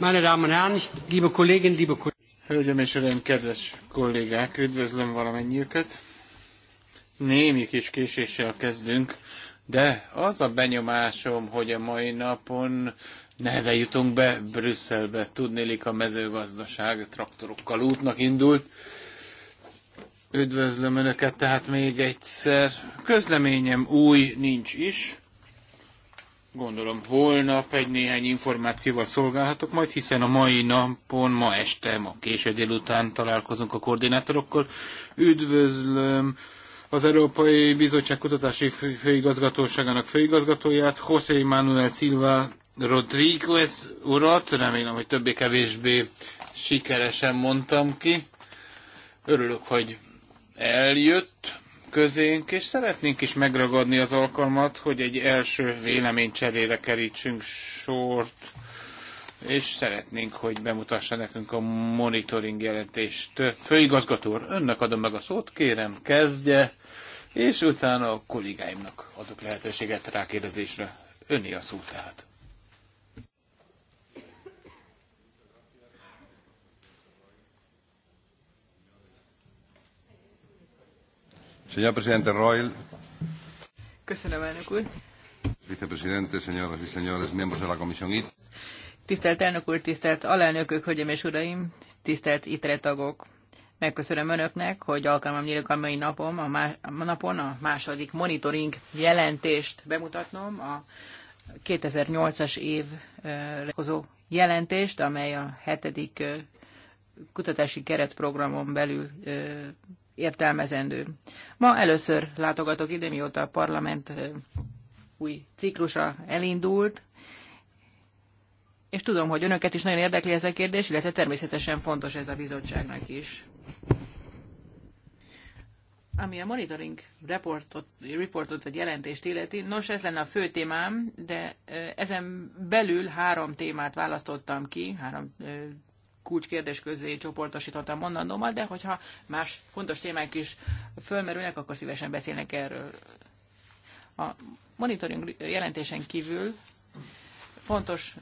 Meine Damen und Herren, liebe Kolleginnen, liebe Kollegen. Hölgyeim és Uraim, kedves kollégák, üdvözlöm valamennyiüket. Némi kis késéssel kezdünk, de az a benyomásom, hogy a mai napon neheze jutunk be Brüsszelbe. Tudnélik a mezőgazdaság traktorokkal útnak indult. Üdvözlöm Önöket tehát még egyszer. Közleményem új nincs is Gondolom holnap egy néhány információval szolgálhatok majd, hiszen a mai napon, ma este, ma késő délután találkozunk a koordinátorokkal. Üdvözlöm az Európai Bizottság Kutatási Főigazgatóságának főigazgatóját, José Manuel Silva Rodríguez urat, remélem, hogy többé-kevésbé sikeresen mondtam ki. Örülök, hogy eljött közénk, és szeretnénk is megragadni az alkalmat, hogy egy első vélemény cserére kerítsünk sort, és szeretnénk, hogy bemutassa nekünk a monitoring jelentést. Főigazgató úr, önnek adom meg a szót, kérem, kezdje, és utána a kollégáimnak adok lehetőséget rákérdezésre. Öni a szó tehát. Señor presidente Royal. Köszönöm, elnök úr. Vicepresidente, señoras y señores, miembros de la Comisión IT. Tisztelt elnök úr, tisztelt alelnökök, hölgyeim és uraim, tisztelt ITRE tagok. Megköszönöm önöknek, hogy alkalmam nyílik a mai napom, a, má- a napon a második monitoring jelentést bemutatnom, a 2008-as évre jelentést, amely a hetedik kutatási keretprogramon belül értelmezendő. Ma először látogatok ide, mióta a parlament új ciklusa elindult, és tudom, hogy önöket is nagyon érdekli ez a kérdés, illetve természetesen fontos ez a bizottságnak is. Ami a monitoring reportot, reportot vagy jelentést illeti, nos, ez lenne a fő témám, de ezen belül három témát választottam ki, három kulcskérdés közé csoportosítottam mondandómat, de hogyha más fontos témák is fölmerülnek, akkor szívesen beszélnek erről. A monitoring jelentésen kívül fontos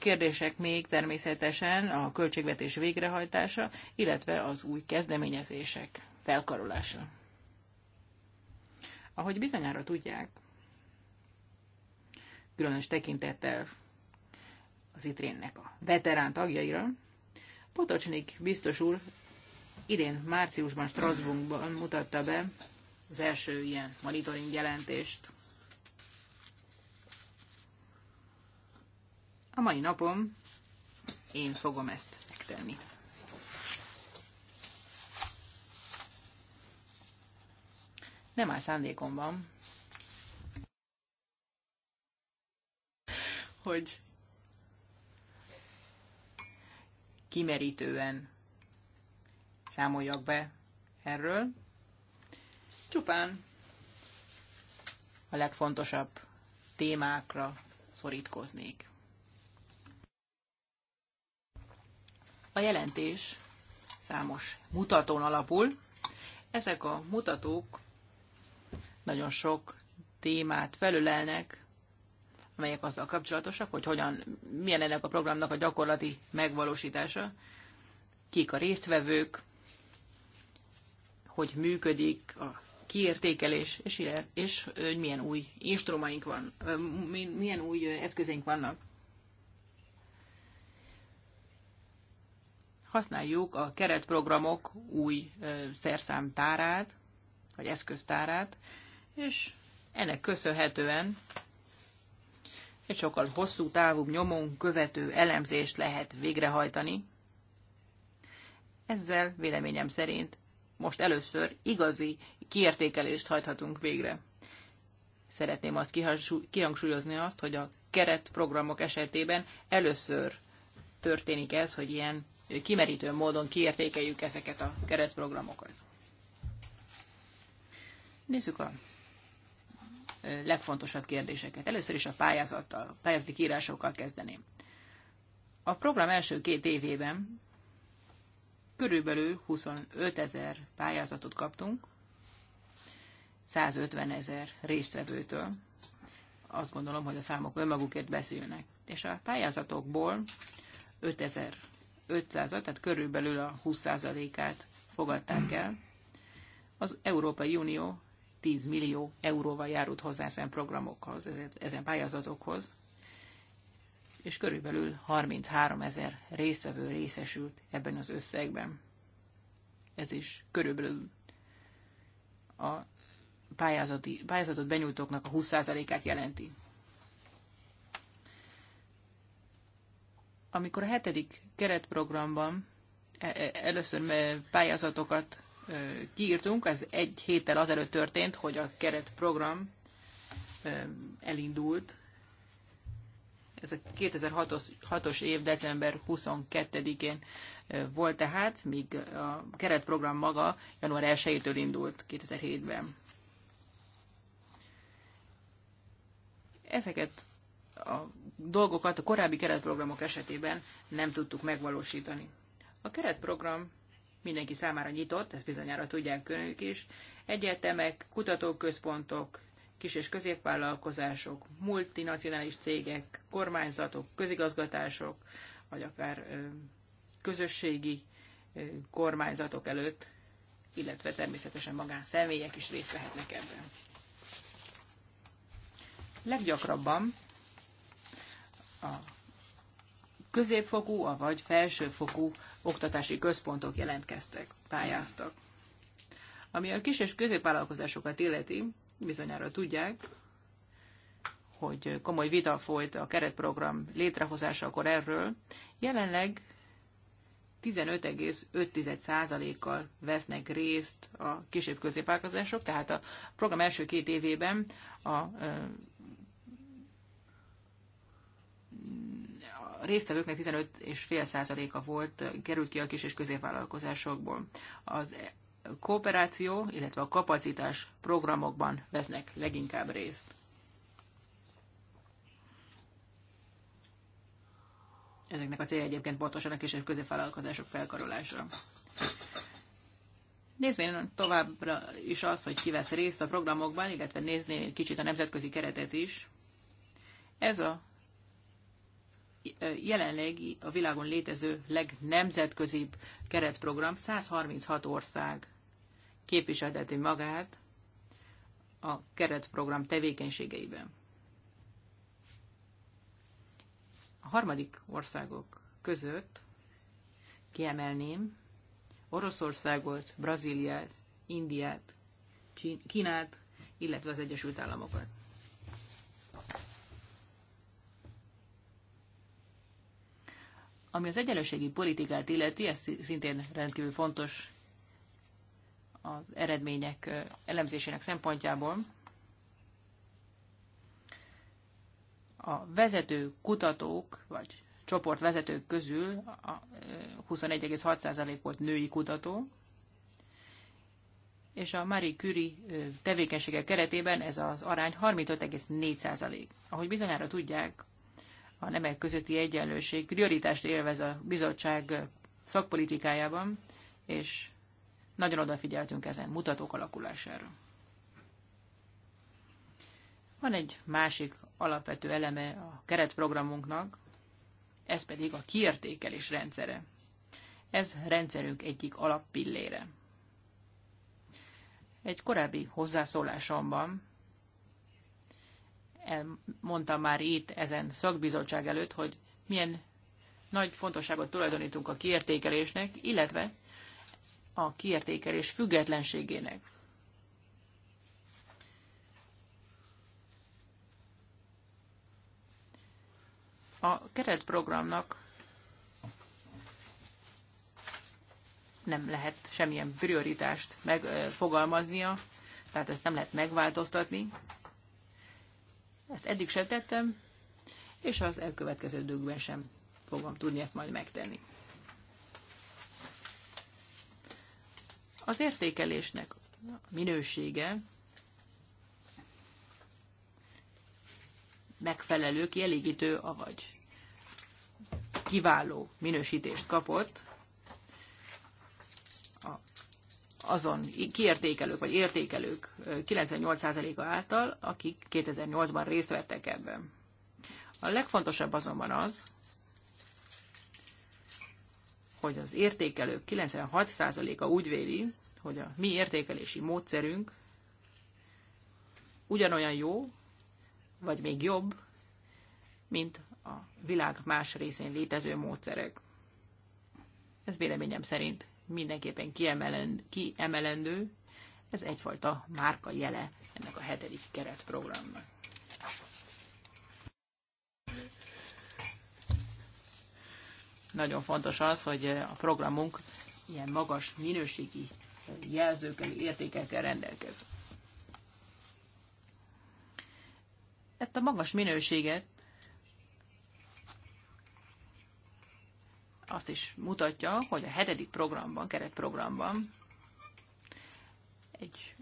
kérdések még természetesen a költségvetés végrehajtása, illetve az új kezdeményezések felkarolása. Ahogy bizonyára tudják, különös tekintettel az itrénnek a veterán tagjaira, Potocsnik biztos úr idén márciusban Strasbourgban mutatta be az első ilyen monitoring jelentést. A mai napon én fogom ezt megtenni. Nem áll szándékomban, hogy kimerítően számoljak be erről. Csupán a legfontosabb témákra szorítkoznék. A jelentés számos mutatón alapul. Ezek a mutatók nagyon sok témát felülelnek, amelyek azzal kapcsolatosak, hogy hogyan, milyen ennek a programnak a gyakorlati megvalósítása, kik a résztvevők, hogy működik a kiértékelés, és, és hogy milyen új instrumaink van, milyen új eszközeink vannak. Használjuk a keretprogramok új szerszámtárát, vagy eszköztárát, és ennek köszönhetően egy sokkal hosszú távú nyomon követő elemzést lehet végrehajtani. Ezzel véleményem szerint most először igazi kiértékelést hajthatunk végre. Szeretném azt kihangsúlyozni azt, hogy a keretprogramok esetében először történik ez, hogy ilyen kimerítő módon kiértékeljük ezeket a keretprogramokat. Nézzük a legfontosabb kérdéseket. Először is a pályázattal, pályázati írásokkal kezdeném. A program első két évében körülbelül 25 ezer pályázatot kaptunk, 150 ezer résztvevőtől. Azt gondolom, hogy a számok önmagukért beszélnek. És a pályázatokból 5500 tehát körülbelül a 20%-át fogadták el. Az Európai Unió 10 millió euróval járult hozzá ezen programokhoz, ezen pályázatokhoz, és körülbelül 33 ezer résztvevő részesült ebben az összegben. Ez is körülbelül a pályázati, pályázatot benyújtóknak a 20%-át jelenti. Amikor a hetedik keretprogramban e- e- először e- pályázatokat kiírtunk, ez egy héttel azelőtt történt, hogy a keretprogram elindult. Ez a 2006-os év december 22-én volt tehát, míg a keretprogram maga január 1-től indult 2007-ben. Ezeket a dolgokat a korábbi keretprogramok esetében nem tudtuk megvalósítani. A keretprogram mindenki számára nyitott, ezt bizonyára tudják önök is, egyetemek, kutatóközpontok, kis- és középvállalkozások, multinacionális cégek, kormányzatok, közigazgatások, vagy akár közösségi kormányzatok előtt, illetve természetesen magánszemélyek is részt vehetnek ebben. Leggyakrabban a középfokú, vagy felsőfokú oktatási központok jelentkeztek, pályáztak. Ami a kis és középvállalkozásokat illeti, bizonyára tudják, hogy komoly vita folyt a keretprogram létrehozása akkor erről, jelenleg 15,5%-kal vesznek részt a kisebb középvállalkozások, tehát a program első két évében a a résztvevőknek 15,5%-a volt, került ki a kis és középvállalkozásokból. Az kooperáció, illetve a kapacitás programokban vesznek leginkább részt. Ezeknek a célja egyébként pontosan a kis és középvállalkozások felkarolása. Nézvén továbbra is az, hogy ki vesz részt a programokban, illetve nézni egy kicsit a nemzetközi keretet is. Ez a jelenlegi a világon létező legnemzetközibb keretprogram, 136 ország képviselteti magát a keretprogram tevékenységeiben. A harmadik országok között kiemelném Oroszországot, Brazíliát, Indiát, Kínát, illetve az Egyesült Államokat. Ami az egyenlőségi politikát illeti, ez szintén rendkívül fontos az eredmények elemzésének szempontjából. A vezető kutatók, vagy csoportvezetők közül 21,6% volt női kutató, és a Marie Curie tevékenysége keretében ez az arány 35,4%. Ahogy bizonyára tudják, a nemek közötti egyenlőség prioritást élvez a bizottság szakpolitikájában, és nagyon odafigyeltünk ezen mutatók alakulására. Van egy másik alapvető eleme a keretprogramunknak, ez pedig a kiértékelés rendszere. Ez rendszerünk egyik alappillére. Egy korábbi hozzászólásomban elmondtam már itt ezen szakbizottság előtt, hogy milyen nagy fontosságot tulajdonítunk a kiértékelésnek, illetve a kiértékelés függetlenségének. A keretprogramnak nem lehet semmilyen prioritást megfogalmaznia, tehát ezt nem lehet megváltoztatni, ezt eddig sem tettem, és az elkövetkező sem fogom tudni ezt majd megtenni. Az értékelésnek a minősége megfelelő, kielégítő, avagy kiváló minősítést kapott, azon kiértékelők vagy értékelők 98%-a által, akik 2008-ban részt vettek ebben. A legfontosabb azonban az, hogy az értékelők 96%-a úgy véli, hogy a mi értékelési módszerünk ugyanolyan jó, vagy még jobb, mint a világ más részén létező módszerek. Ez véleményem szerint mindenképpen kiemelendő, Ez egyfajta márka jele ennek a hetedik keretprogramnak. Nagyon fontos az, hogy a programunk ilyen magas minőségi jelzőkkel, értékekkel rendelkez. Ezt a magas minőséget azt is mutatja, hogy a hetedik programban, keretprogramban egy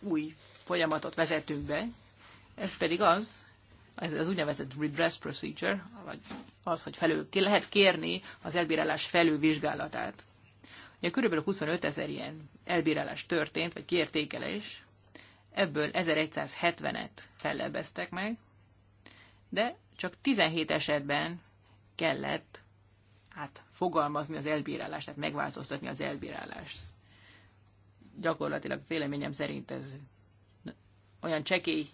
új folyamatot vezetünk be, ez pedig az, ez az úgynevezett redress procedure, vagy az, hogy felül, ki lehet kérni az elbírálás felülvizsgálatát. Ugye körülbelül 25 ezer ilyen elbírálás történt, vagy kiértékelés, ebből 1170-et fellebeztek meg, de csak 17 esetben kellett fogalmazni az elbírálást, tehát megváltoztatni az elbírálást. Gyakorlatilag véleményem szerint ez olyan csekély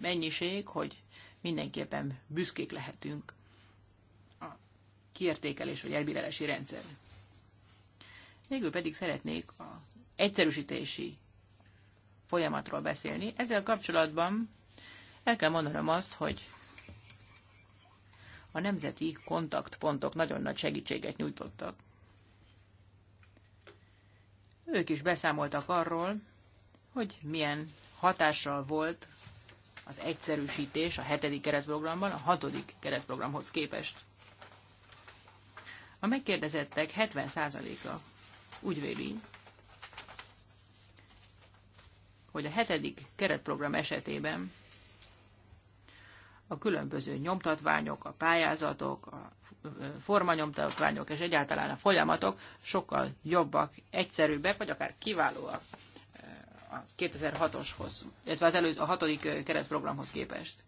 mennyiség, hogy mindenképpen büszkék lehetünk a kiértékelés vagy elbírálási rendszer. Végül pedig szeretnék a egyszerűsítési folyamatról beszélni. Ezzel kapcsolatban el kell mondanom azt, hogy a nemzeti kontaktpontok nagyon nagy segítséget nyújtottak. Ők is beszámoltak arról, hogy milyen hatással volt az egyszerűsítés a hetedik keretprogramban a hatodik keretprogramhoz képest. A megkérdezettek 70%-a úgy véli, hogy a hetedik keretprogram esetében a különböző nyomtatványok, a pályázatok, a formanyomtatványok és egyáltalán a folyamatok sokkal jobbak, egyszerűbbek, vagy akár kiválóak a 2006-oshoz, illetve az előtt a hatodik keretprogramhoz képest.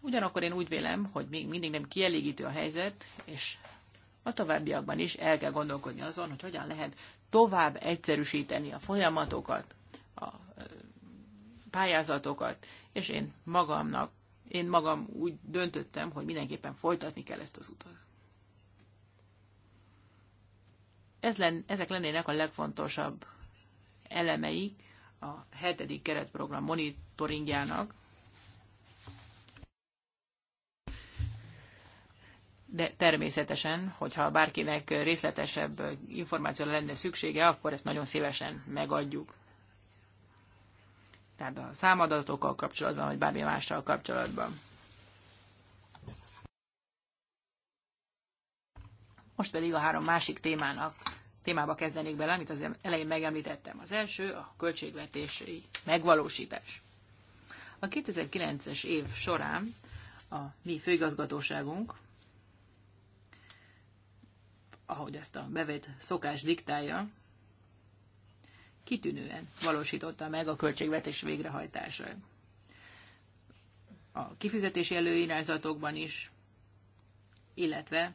Ugyanakkor én úgy vélem, hogy még mindig nem kielégítő a helyzet, és a továbbiakban is el kell gondolkodni azon, hogy hogyan lehet tovább egyszerűsíteni a folyamatokat, a pályázatokat, és én magamnak én magam úgy döntöttem, hogy mindenképpen folytatni kell ezt az utat. Ez len, ezek lennének a legfontosabb elemeik a hetedik keretprogram monitoringjának. De természetesen, hogyha bárkinek részletesebb információra lenne szüksége, akkor ezt nagyon szívesen megadjuk tehát a számadatokkal kapcsolatban, vagy bármi mással kapcsolatban. Most pedig a három másik témának témába kezdenék bele, amit az elején megemlítettem. Az első a költségvetési megvalósítás. A 2009-es év során a mi főigazgatóságunk, ahogy ezt a bevét szokás diktálja, kitűnően valósította meg a költségvetés végrehajtása. A kifizetési előirányzatokban is, illetve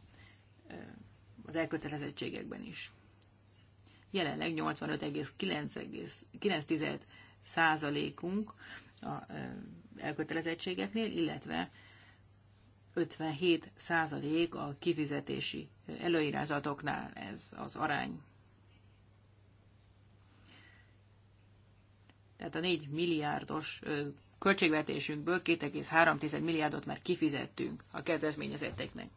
az elkötelezettségekben is. Jelenleg 85,9 százalékunk a elkötelezettségeknél, illetve 57 százalék a kifizetési előirányzatoknál ez az arány. tehát a 4 milliárdos költségvetésünkből 2,3 milliárdot már kifizettünk a kedvezményezetteknek.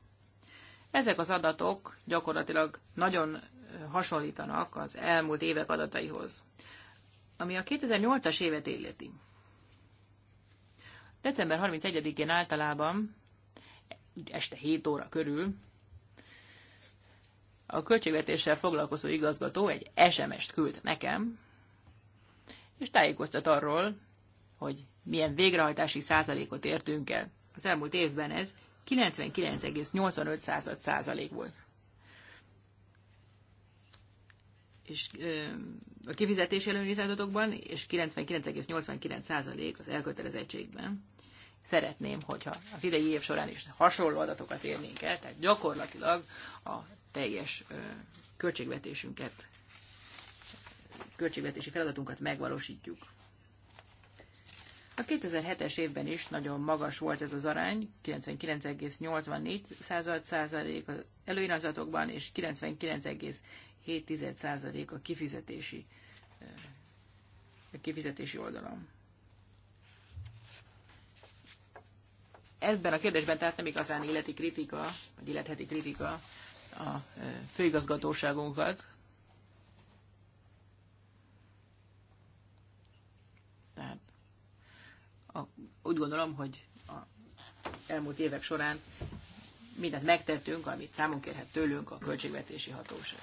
Ezek az adatok gyakorlatilag nagyon hasonlítanak az elmúlt évek adataihoz, ami a 2008-as évet illeti. December 31-én általában, este 7 óra körül, a költségvetéssel foglalkozó igazgató egy SMS-t küld nekem, és tájékoztat arról, hogy milyen végrehajtási százalékot értünk el. Az elmúlt évben ez 99,85 százalék volt. és a kifizetés ellenőriz és 99,89% százalék az elkötelezettségben. Szeretném, hogyha az idei év során is hasonló adatokat érnénk el, tehát gyakorlatilag a teljes költségvetésünket költségvetési feladatunkat megvalósítjuk. A 2007-es évben is nagyon magas volt ez az arány, 99,84 százalék az előirányzatokban, és 99,7 százalék a kifizetési, eh, a kifizetési oldalon. Ebben a kérdésben tehát nem igazán életi kritika, vagy életheti kritika a eh, főigazgatóságunkat, a, úgy gondolom, hogy a elmúlt évek során mindent megtettünk, amit számunk kérhet tőlünk a költségvetési hatóság.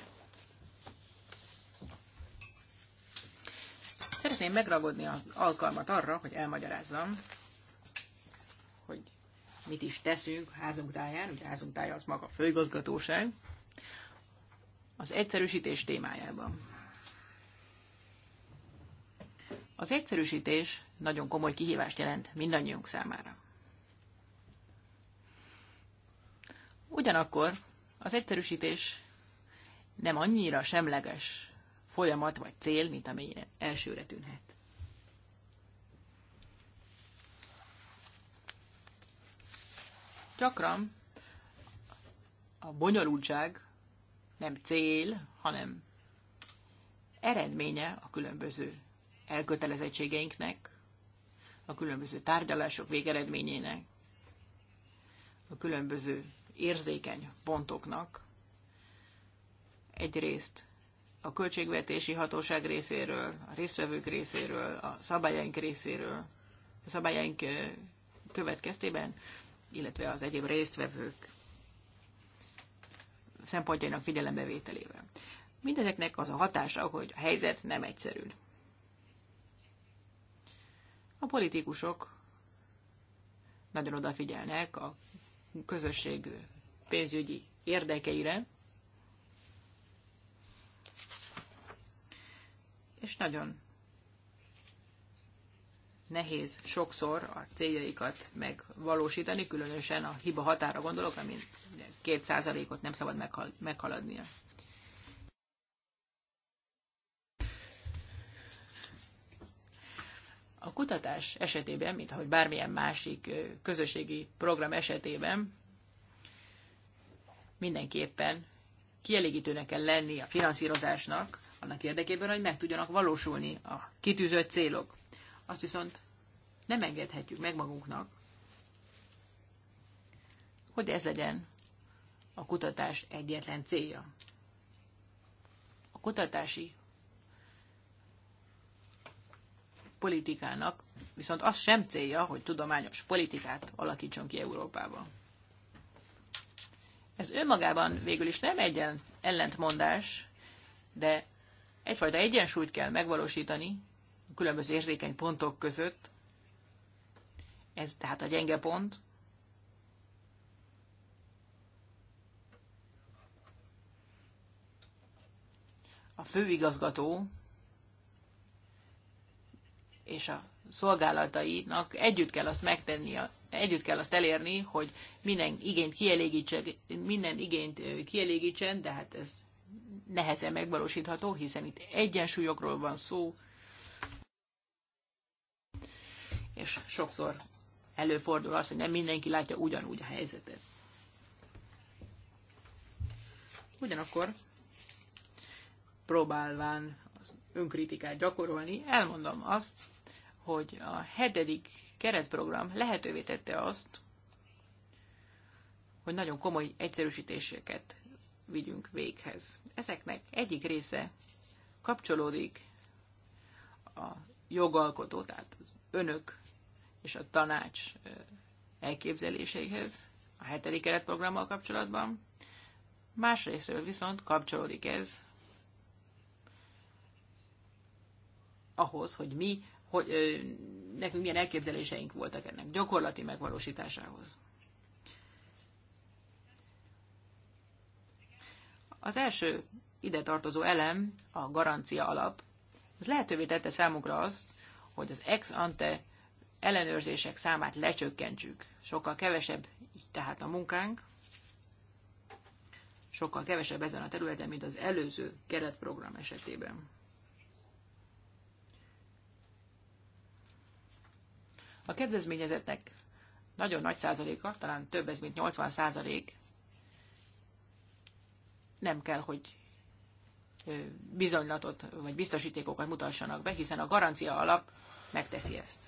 Szeretném megragadni az alkalmat arra, hogy elmagyarázzam, hogy mit is teszünk házunk táján, ugye házunk tája az maga a főigazgatóság, az egyszerűsítés témájában. Az egyszerűsítés nagyon komoly kihívást jelent mindannyiunk számára. Ugyanakkor az egyszerűsítés nem annyira semleges folyamat vagy cél, mint amennyire elsőre tűnhet. Gyakran a bonyolultság nem cél, hanem eredménye a különböző elkötelezettségeinknek, a különböző tárgyalások végeredményének, a különböző érzékeny pontoknak. Egyrészt a költségvetési hatóság részéről, a résztvevők részéről, a szabályaink részéről, a szabályaink következtében, illetve az egyéb résztvevők szempontjainak figyelembevételével. Mindezeknek az a hatása, hogy a helyzet nem egyszerű. A politikusok nagyon odafigyelnek a közösség pénzügyi érdekeire, és nagyon nehéz sokszor a céljaikat megvalósítani, különösen a hiba határa gondolok, amin két százalékot nem szabad meghaladnia. A kutatás esetében, mint ahogy bármilyen másik közösségi program esetében, mindenképpen kielégítőnek kell lenni a finanszírozásnak, annak érdekében, hogy meg tudjanak valósulni a kitűzött célok. Azt viszont nem engedhetjük meg magunknak, hogy ez legyen a kutatás egyetlen célja. A kutatási politikának, viszont az sem célja, hogy tudományos politikát alakítson ki Európában. Ez önmagában végül is nem egy ellentmondás, de egyfajta egyensúlyt kell megvalósítani a különböző érzékeny pontok között. Ez tehát a gyenge pont. A főigazgató és a szolgálatainak együtt kell azt megtenni, együtt kell azt elérni, hogy minden igényt kielégítsen, minden igényt kielégítsen, de hát ez nehezen megvalósítható, hiszen itt egyensúlyokról van szó, és sokszor előfordul az, hogy nem mindenki látja ugyanúgy a helyzetet. Ugyanakkor próbálván önkritikát gyakorolni, elmondom azt, hogy a hetedik keretprogram lehetővé tette azt, hogy nagyon komoly egyszerűsítéseket vigyünk véghez. Ezeknek egyik része kapcsolódik a jogalkotó, tehát önök és a tanács elképzeléseihez a hetedik keretprogrammal kapcsolatban. Másrésztről viszont kapcsolódik ez ahhoz, hogy mi hogy ö, nekünk milyen elképzeléseink voltak ennek gyakorlati megvalósításához. Az első ide tartozó elem, a garancia alap, ez lehetővé tette számunkra azt, hogy az ex ante ellenőrzések számát lecsökkentsük. Sokkal kevesebb így tehát a munkánk, sokkal kevesebb ezen a területen, mint az előző keretprogram esetében. A kedvezményezetnek nagyon nagy százaléka, talán több ez, mint 80 százalék, nem kell, hogy bizonylatot vagy biztosítékokat mutassanak be, hiszen a garancia alap megteszi ezt.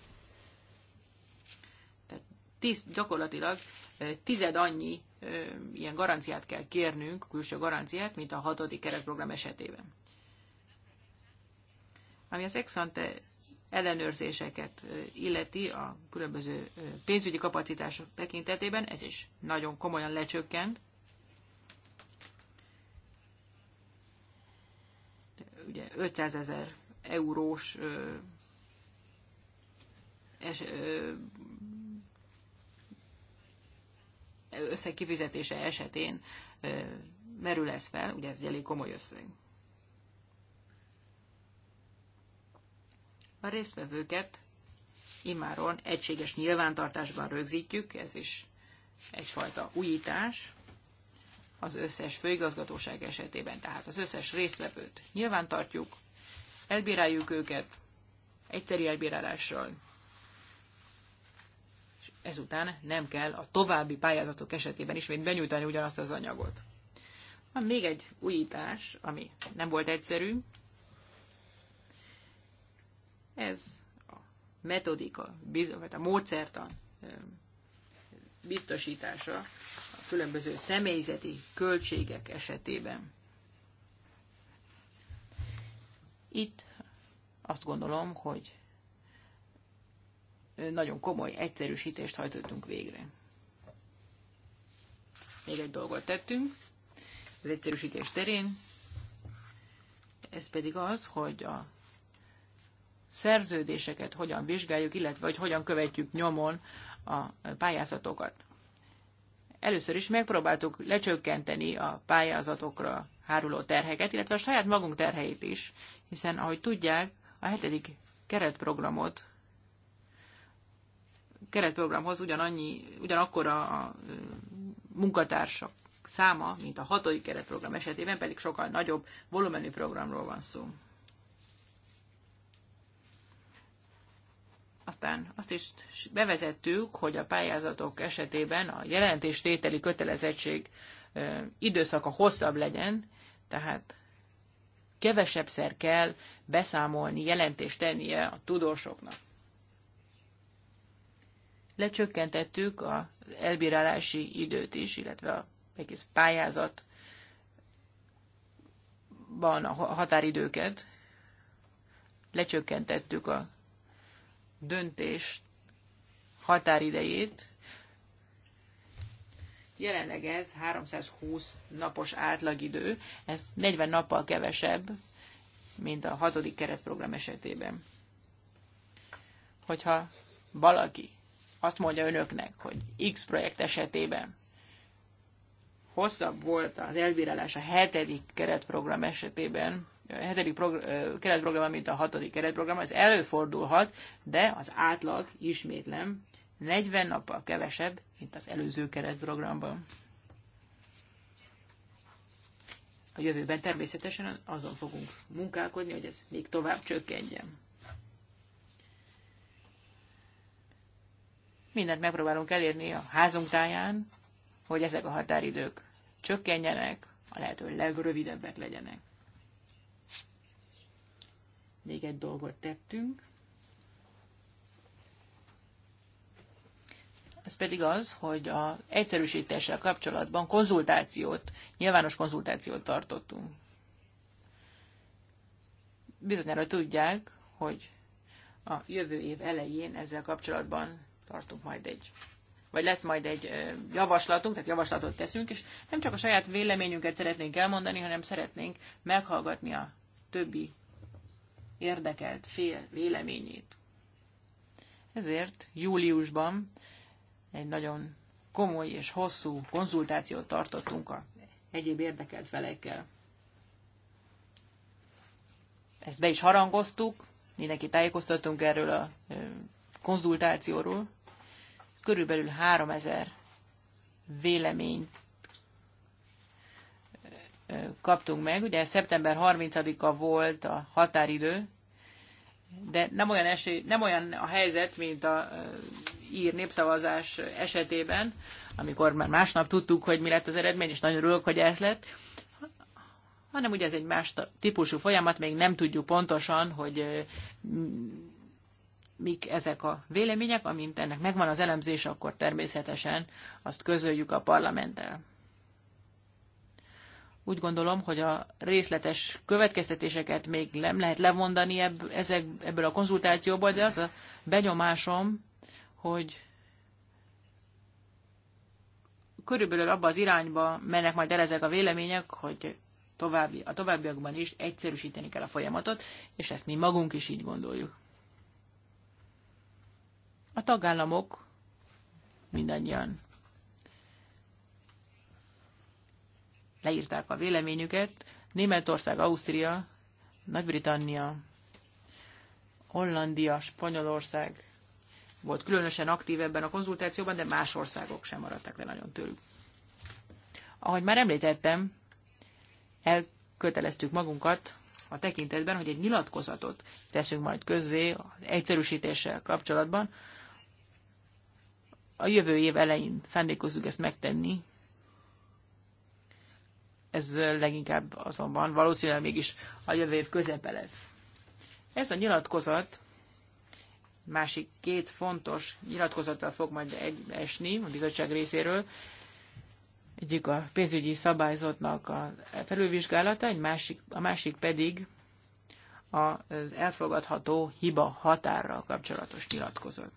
Tehát tíz, gyakorlatilag tized annyi ilyen garanciát kell kérnünk, külső garanciát, mint a hatodik keretprogram esetében. Ami az exante ellenőrzéseket illeti a különböző pénzügyi kapacitások tekintetében, ez is nagyon komolyan lecsökkent. Ugye 500 ezer eurós összekifizetése esetén merül ez fel, ugye ez egy elég komoly összeg. a résztvevőket imáron egységes nyilvántartásban rögzítjük, ez is egyfajta újítás az összes főigazgatóság esetében. Tehát az összes résztvevőt nyilvántartjuk, elbíráljuk őket egyszeri elbírálással, és ezután nem kell a további pályázatok esetében ismét benyújtani ugyanazt az anyagot. Van még egy újítás, ami nem volt egyszerű, ez a metodika, vagy a módszertan biztosítása a különböző személyzeti költségek esetében. Itt azt gondolom, hogy nagyon komoly egyszerűsítést hajtottunk végre. Még egy dolgot tettünk az egyszerűsítés terén, ez pedig az, hogy a szerződéseket hogyan vizsgáljuk, illetve hogy hogyan követjük nyomon a pályázatokat. Először is megpróbáltuk lecsökkenteni a pályázatokra háruló terheket, illetve a saját magunk terheit is, hiszen ahogy tudják, a hetedik keretprogramot keretprogramhoz ugyanannyi, ugyanakkor a munkatársak száma, mint a hatodik keretprogram esetében, pedig sokkal nagyobb volumenű programról van szó. Aztán azt is bevezettük, hogy a pályázatok esetében a jelentéstételi kötelezettség időszaka hosszabb legyen, tehát kevesebbszer kell beszámolni, jelentést tennie a tudósoknak. Lecsökkentettük az elbírálási időt is, illetve a egész pályázatban a határidőket. Lecsökkentettük a döntés határidejét. Jelenleg ez 320 napos átlagidő, ez 40 nappal kevesebb, mint a hatodik keretprogram esetében. Hogyha valaki azt mondja önöknek, hogy X projekt esetében hosszabb volt az elbírálás a hetedik keretprogram esetében, hetedik keretprogram, mint a hatodik keretprogram, ez előfordulhat, de az átlag, ismétlem, 40 nappal kevesebb, mint az előző keretprogramban. A jövőben természetesen azon fogunk munkálkodni, hogy ez még tovább csökkenjen. Mindent megpróbálunk elérni a házunk táján, hogy ezek a határidők csökkenjenek, a lehető legrövidebbek legyenek még egy dolgot tettünk. Ez pedig az, hogy a egyszerűsítéssel kapcsolatban konzultációt, nyilvános konzultációt tartottunk. Bizonyára tudják, hogy a jövő év elején ezzel kapcsolatban tartunk majd egy vagy lesz majd egy javaslatunk, tehát javaslatot teszünk, és nem csak a saját véleményünket szeretnénk elmondani, hanem szeretnénk meghallgatni a többi érdekelt fél véleményét. Ezért júliusban egy nagyon komoly és hosszú konzultációt tartottunk a egyéb érdekelt felekkel. Ezt be is harangoztuk, mindenki tájékoztattunk erről a konzultációról. Körülbelül 3000 véleményt kaptunk meg. Ugye szeptember 30-a volt a határidő, de nem olyan, esély, nem olyan a helyzet, mint a ír népszavazás esetében, amikor már másnap tudtuk, hogy mi lett az eredmény, és nagyon örülök, hogy ez lett, hanem ugye ez egy más típusú folyamat, még nem tudjuk pontosan, hogy mik ezek a vélemények, amint ennek megvan az elemzése, akkor természetesen azt közöljük a parlamenttel. Úgy gondolom, hogy a részletes következtetéseket még nem lehet levondani ebb, ezek, ebből a konzultációból, de az a benyomásom, hogy körülbelül abba az irányba mennek majd el ezek a vélemények, hogy további, a továbbiakban is egyszerűsíteni kell a folyamatot, és ezt mi magunk is így gondoljuk. A tagállamok mindannyian leírták a véleményüket. Németország, Ausztria, Nagy-Britannia, Hollandia, Spanyolország volt különösen aktív ebben a konzultációban, de más országok sem maradtak le nagyon tőlük. Ahogy már említettem, elköteleztük magunkat a tekintetben, hogy egy nyilatkozatot teszünk majd közzé az egyszerűsítéssel kapcsolatban. A jövő év elején szándékozzuk ezt megtenni, ez leginkább azonban valószínűleg mégis a jövő év közepe lesz. Ez a nyilatkozat másik két fontos nyilatkozattal fog majd egy, esni a bizottság részéről. Egyik a pénzügyi szabályzatnak a felülvizsgálata, egy másik, a másik pedig az elfogadható hiba határral kapcsolatos nyilatkozat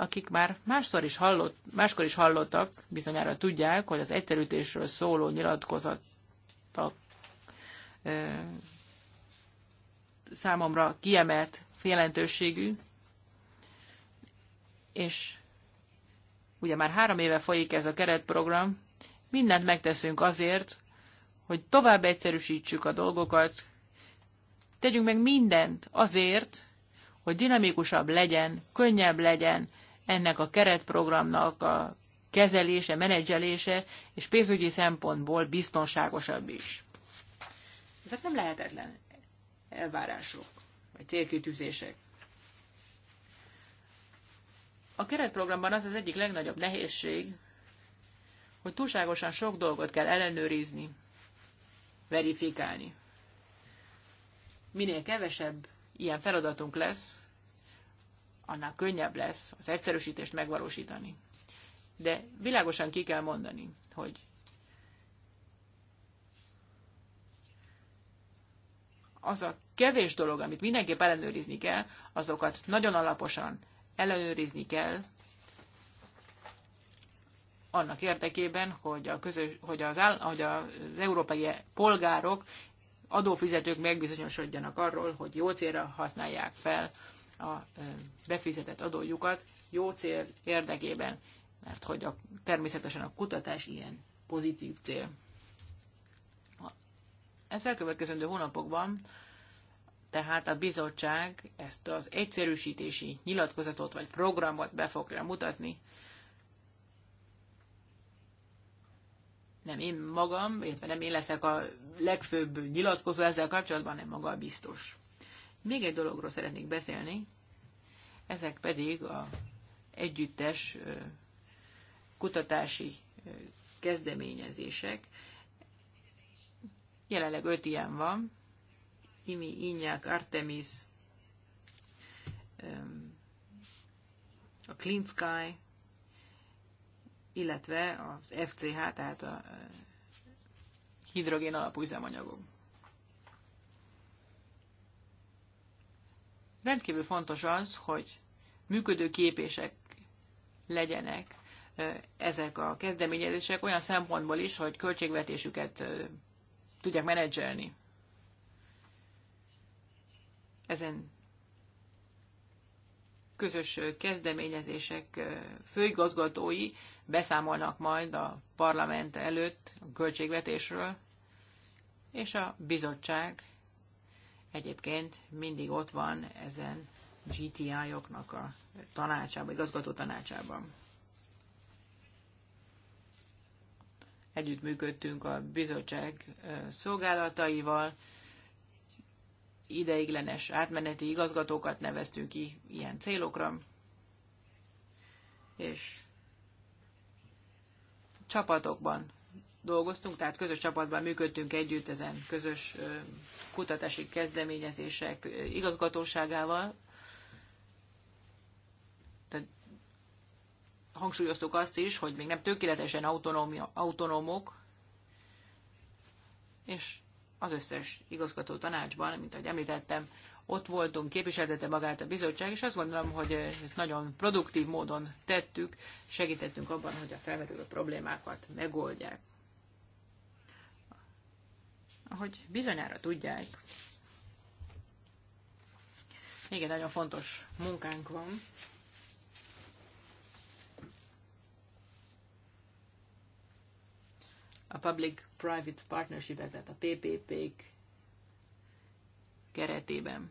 akik már máskor is, hallott, máskor is hallottak, bizonyára tudják, hogy az egyszerűtésről szóló a e, számomra kiemelt jelentőségű, és ugye már három éve folyik ez a keretprogram, mindent megteszünk azért, hogy tovább egyszerűsítsük a dolgokat, tegyünk meg mindent azért, hogy dinamikusabb legyen, könnyebb legyen, ennek a keretprogramnak a kezelése, menedzselése és pénzügyi szempontból biztonságosabb is. Ezek nem lehetetlen elvárások, vagy célkitűzések. A keretprogramban az az egyik legnagyobb nehézség, hogy túlságosan sok dolgot kell ellenőrizni, verifikálni. Minél kevesebb ilyen feladatunk lesz, annál könnyebb lesz az egyszerűsítést megvalósítani. De világosan ki kell mondani, hogy az a kevés dolog, amit mindenképp ellenőrizni kell, azokat nagyon alaposan ellenőrizni kell, annak érdekében, hogy, a közös, hogy, az, áll, hogy az európai polgárok, adófizetők megbizonyosodjanak arról, hogy jó célra használják fel a befizetett adójukat jó cél érdekében, mert hogy a, természetesen a kutatás ilyen pozitív cél. Ez elkövetkezendő hónapokban tehát a bizottság ezt az egyszerűsítési nyilatkozatot vagy programot be fogja mutatni. Nem én magam, illetve nem én leszek a legfőbb nyilatkozó ezzel kapcsolatban, nem maga a biztos. Még egy dologról szeretnék beszélni, ezek pedig a együttes kutatási kezdeményezések. Jelenleg öt ilyen van. Imi, Inyák, Artemis, a Clean Sky, illetve az FCH, tehát a hidrogén alapú üzemanyagok. Rendkívül fontos az, hogy működő képések legyenek ezek a kezdeményezések olyan szempontból is, hogy költségvetésüket tudják menedzselni. Ezen közös kezdeményezések főigazgatói beszámolnak majd a parlament előtt a költségvetésről, és a bizottság egyébként mindig ott van ezen GTI-oknak a tanácsában, igazgató tanácsában. Együttműködtünk a bizottság szolgálataival, ideiglenes átmeneti igazgatókat neveztünk ki ilyen célokra, és csapatokban dolgoztunk, tehát közös csapatban működtünk együtt ezen közös kutatási kezdeményezések igazgatóságával. Tehát hangsúlyoztuk azt is, hogy még nem tökéletesen autonómok, és az összes igazgató tanácsban, mint ahogy említettem, ott voltunk, képviseltette magát a bizottság, és azt gondolom, hogy ezt nagyon produktív módon tettük, segítettünk abban, hogy a felmerülő problémákat megoldják. Ahogy bizonyára tudják, még egy nagyon fontos munkánk van. A Public-Private partnership tehát a PPP-k keretében.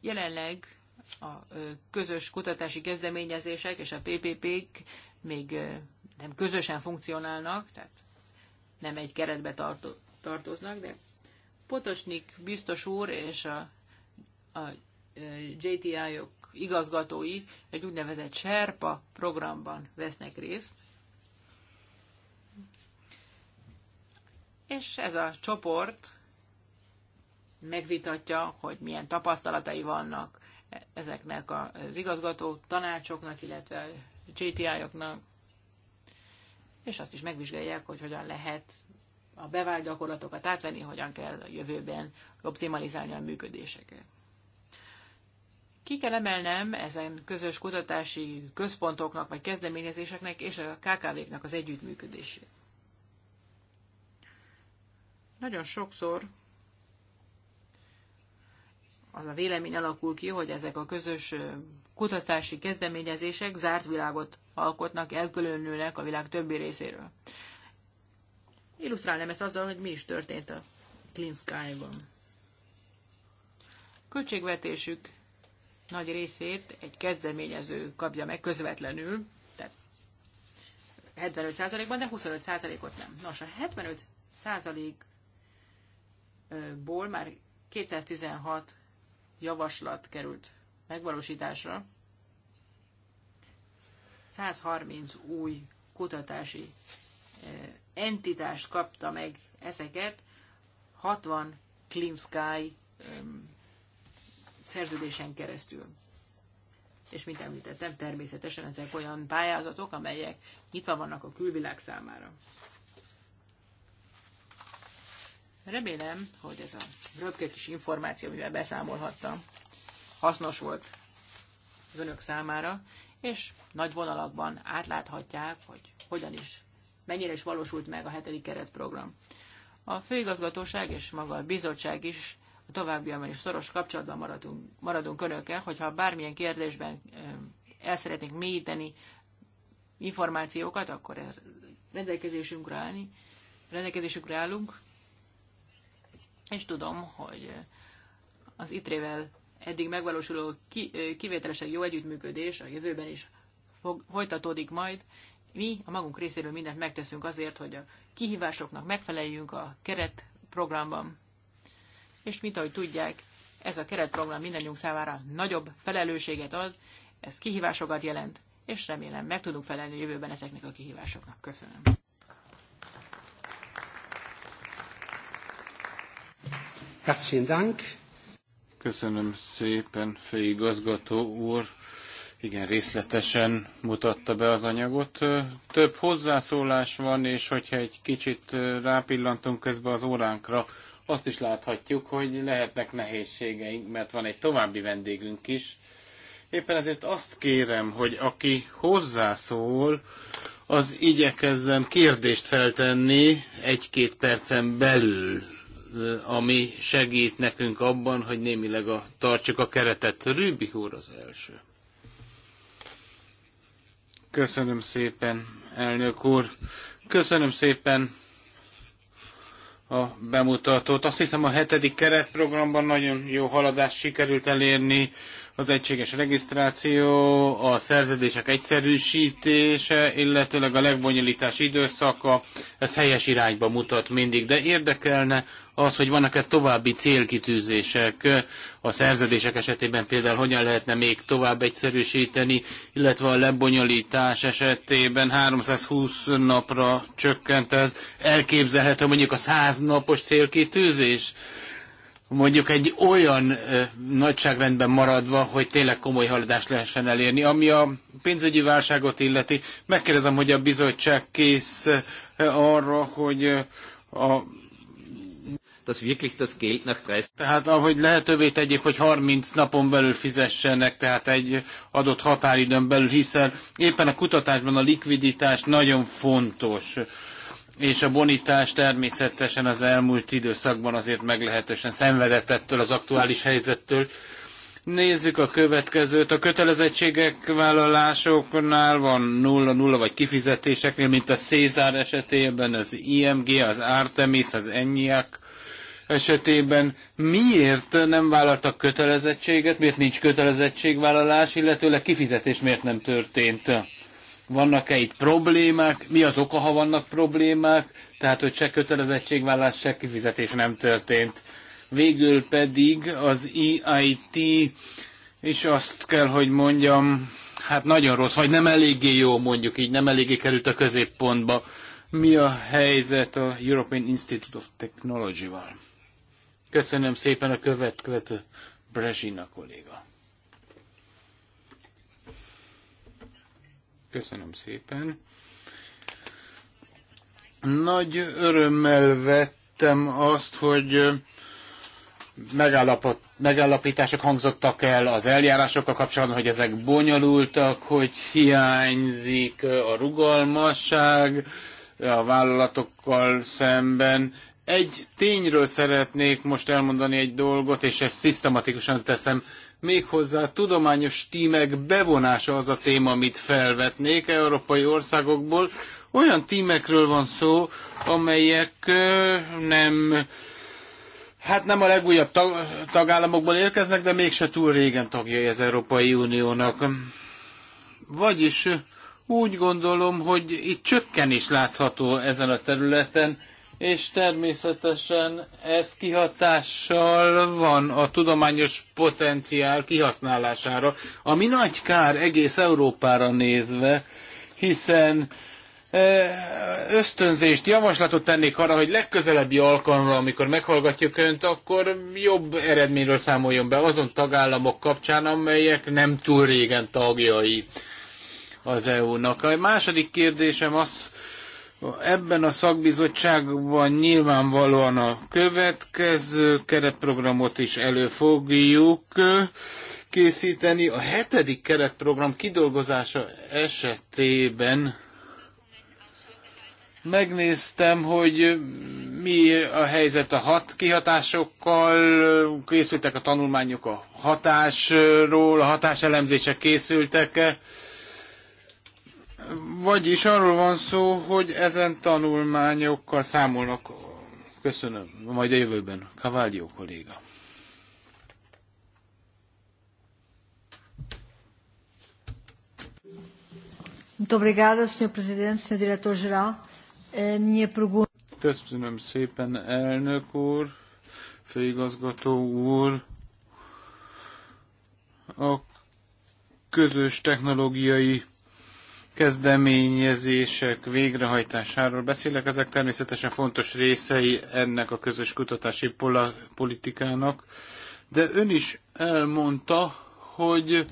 Jelenleg a közös kutatási kezdeményezések és a PPP-k még nem közösen funkcionálnak, tehát nem egy keretbe tartó, tartoznak, de Potosnik biztos úr és a, a JTI-ok -ok igazgatói egy úgynevezett serpa programban vesznek részt. És ez a csoport megvitatja, hogy milyen tapasztalatai vannak ezeknek az igazgató tanácsoknak, illetve JTI-oknak és azt is megvizsgálják, hogy hogyan lehet a bevált gyakorlatokat átvenni, hogyan kell a jövőben optimalizálni a működéseket. Ki kell emelnem ezen közös kutatási központoknak vagy kezdeményezéseknek és a KKV-knak az együttműködését. Nagyon sokszor az a vélemény alakul ki, hogy ezek a közös kutatási kezdeményezések zárt világot alkotnak, elkülönülnek a világ többi részéről. Illusztrálnám ezt azzal, hogy mi is történt a Clean Sky-ban. Költségvetésük nagy részét egy kezdeményező kapja meg közvetlenül, tehát 75%-ban, de 25%-ot nem. Nos, a 75%-ból már 216 javaslat került megvalósításra, 130 új kutatási eh, entitás kapta meg ezeket, 60 Clean Sky szerződésen keresztül. És mint említettem, természetesen ezek olyan pályázatok, amelyek nyitva vannak a külvilág számára. Remélem, hogy ez a röpke kis információ, amivel beszámolhattam, hasznos volt önök számára, és nagy vonalakban átláthatják, hogy hogyan is, mennyire is valósult meg a hetedik keretprogram. A főigazgatóság és maga a bizottság is a továbbiakban is szoros kapcsolatban maradunk, maradunk önökkel, hogyha bármilyen kérdésben el szeretnénk mélyíteni információkat, akkor rendelkezésünkre, állni, rendelkezésünkre állunk, és tudom, hogy az itre eddig megvalósuló ki, kivételesen jó együttműködés a jövőben is fog, folytatódik majd. Mi a magunk részéről mindent megteszünk azért, hogy a kihívásoknak megfeleljünk a keretprogramban. És mint ahogy tudják, ez a keretprogram mindannyiunk számára nagyobb felelősséget ad, ez kihívásokat jelent, és remélem meg tudunk felelni a jövőben ezeknek a kihívásoknak. Köszönöm. Herzlichen Dank. Köszönöm szépen, főigazgató úr. Igen, részletesen mutatta be az anyagot. Több hozzászólás van, és hogyha egy kicsit rápillantunk közben az óránkra, azt is láthatjuk, hogy lehetnek nehézségeink, mert van egy további vendégünk is. Éppen ezért azt kérem, hogy aki hozzászól, az igyekezzen kérdést feltenni egy-két percen belül ami segít nekünk abban, hogy némileg a, tartsuk a keretet. Rübik úr az első. Köszönöm szépen, elnök úr. Köszönöm szépen a bemutatót. Azt hiszem a hetedik keretprogramban nagyon jó haladást sikerült elérni. Az egységes regisztráció, a szerződések egyszerűsítése, illetőleg a legbonyolítás időszaka, ez helyes irányba mutat mindig, de érdekelne, az, hogy vannak-e további célkitűzések a szerződések esetében például hogyan lehetne még tovább egyszerűsíteni, illetve a lebonyolítás esetében 320 napra csökkent ez. Elképzelhető mondjuk a 100 napos célkitűzés? mondjuk egy olyan ö, nagyságrendben maradva, hogy tényleg komoly haladást lehessen elérni. Ami a pénzügyi válságot illeti, megkérdezem, hogy a bizottság kész arra, hogy a dass wirklich das Geld nach 30... Tehát ahogy lehetővé tegyék, hogy 30 napon belül fizessenek, tehát egy adott határidőn belül, hiszen éppen a kutatásban a likviditás nagyon fontos és a bonitás természetesen az elmúlt időszakban azért meglehetősen szenvedett ettől az aktuális helyzettől. Nézzük a következőt. A kötelezettségek vállalásoknál van nulla nulla vagy kifizetéseknél, mint a Cézár esetében, az IMG, az Artemis, az Enyiak esetében miért nem vállaltak kötelezettséget, miért nincs kötelezettségvállalás, illetőleg kifizetés miért nem történt. Vannak-e itt problémák? Mi az oka, ha vannak problémák? Tehát, hogy se kötelezettségvállás, se kifizetés nem történt. Végül pedig az EIT, és azt kell, hogy mondjam, hát nagyon rossz, vagy nem eléggé jó, mondjuk így, nem eléggé került a középpontba. Mi a helyzet a European Institute of Technology-val? Köszönöm szépen a következő Brezsina kolléga. Köszönöm szépen. Nagy örömmel vettem azt, hogy megállapítások hangzottak el az eljárásokkal kapcsolatban, hogy ezek bonyolultak, hogy hiányzik a rugalmasság a vállalatokkal szemben, egy tényről szeretnék most elmondani egy dolgot, és ezt szisztematikusan teszem. Méghozzá tudományos tímek bevonása az a téma, amit felvetnék európai országokból. Olyan tímekről van szó, amelyek nem hát nem a legújabb tag, tagállamokból érkeznek, de mégse túl régen tagjai az Európai Uniónak. Vagyis úgy gondolom, hogy itt csökkenés látható ezen a területen, és természetesen ez kihatással van a tudományos potenciál kihasználására, ami nagy kár egész Európára nézve, hiszen e, ösztönzést, javaslatot tennék arra, hogy legközelebbi alkalomra, amikor meghallgatjuk Önt, akkor jobb eredményről számoljon be azon tagállamok kapcsán, amelyek nem túl régen tagjai az EU-nak. A második kérdésem az, Ebben a szakbizottságban nyilvánvalóan a következő keretprogramot is elő fogjuk készíteni. A hetedik keretprogram kidolgozása esetében megnéztem, hogy mi a helyzet a hat kihatásokkal, készültek a tanulmányok a hatásról, a hatáselemzések készültek vagyis arról van szó, hogy ezen tanulmányokkal számolnak. Köszönöm. Majd a jövőben. Kaváldió kolléga. Muito obrigada, Sr. Presidente, Sr. Diretor-Geral. Minha pergunta... Köszönöm szépen, elnök úr, főigazgató úr. A közös technológiai kezdeményezések végrehajtásáról beszélek. Ezek természetesen fontos részei ennek a közös kutatási politikának, de ön is elmondta, hogy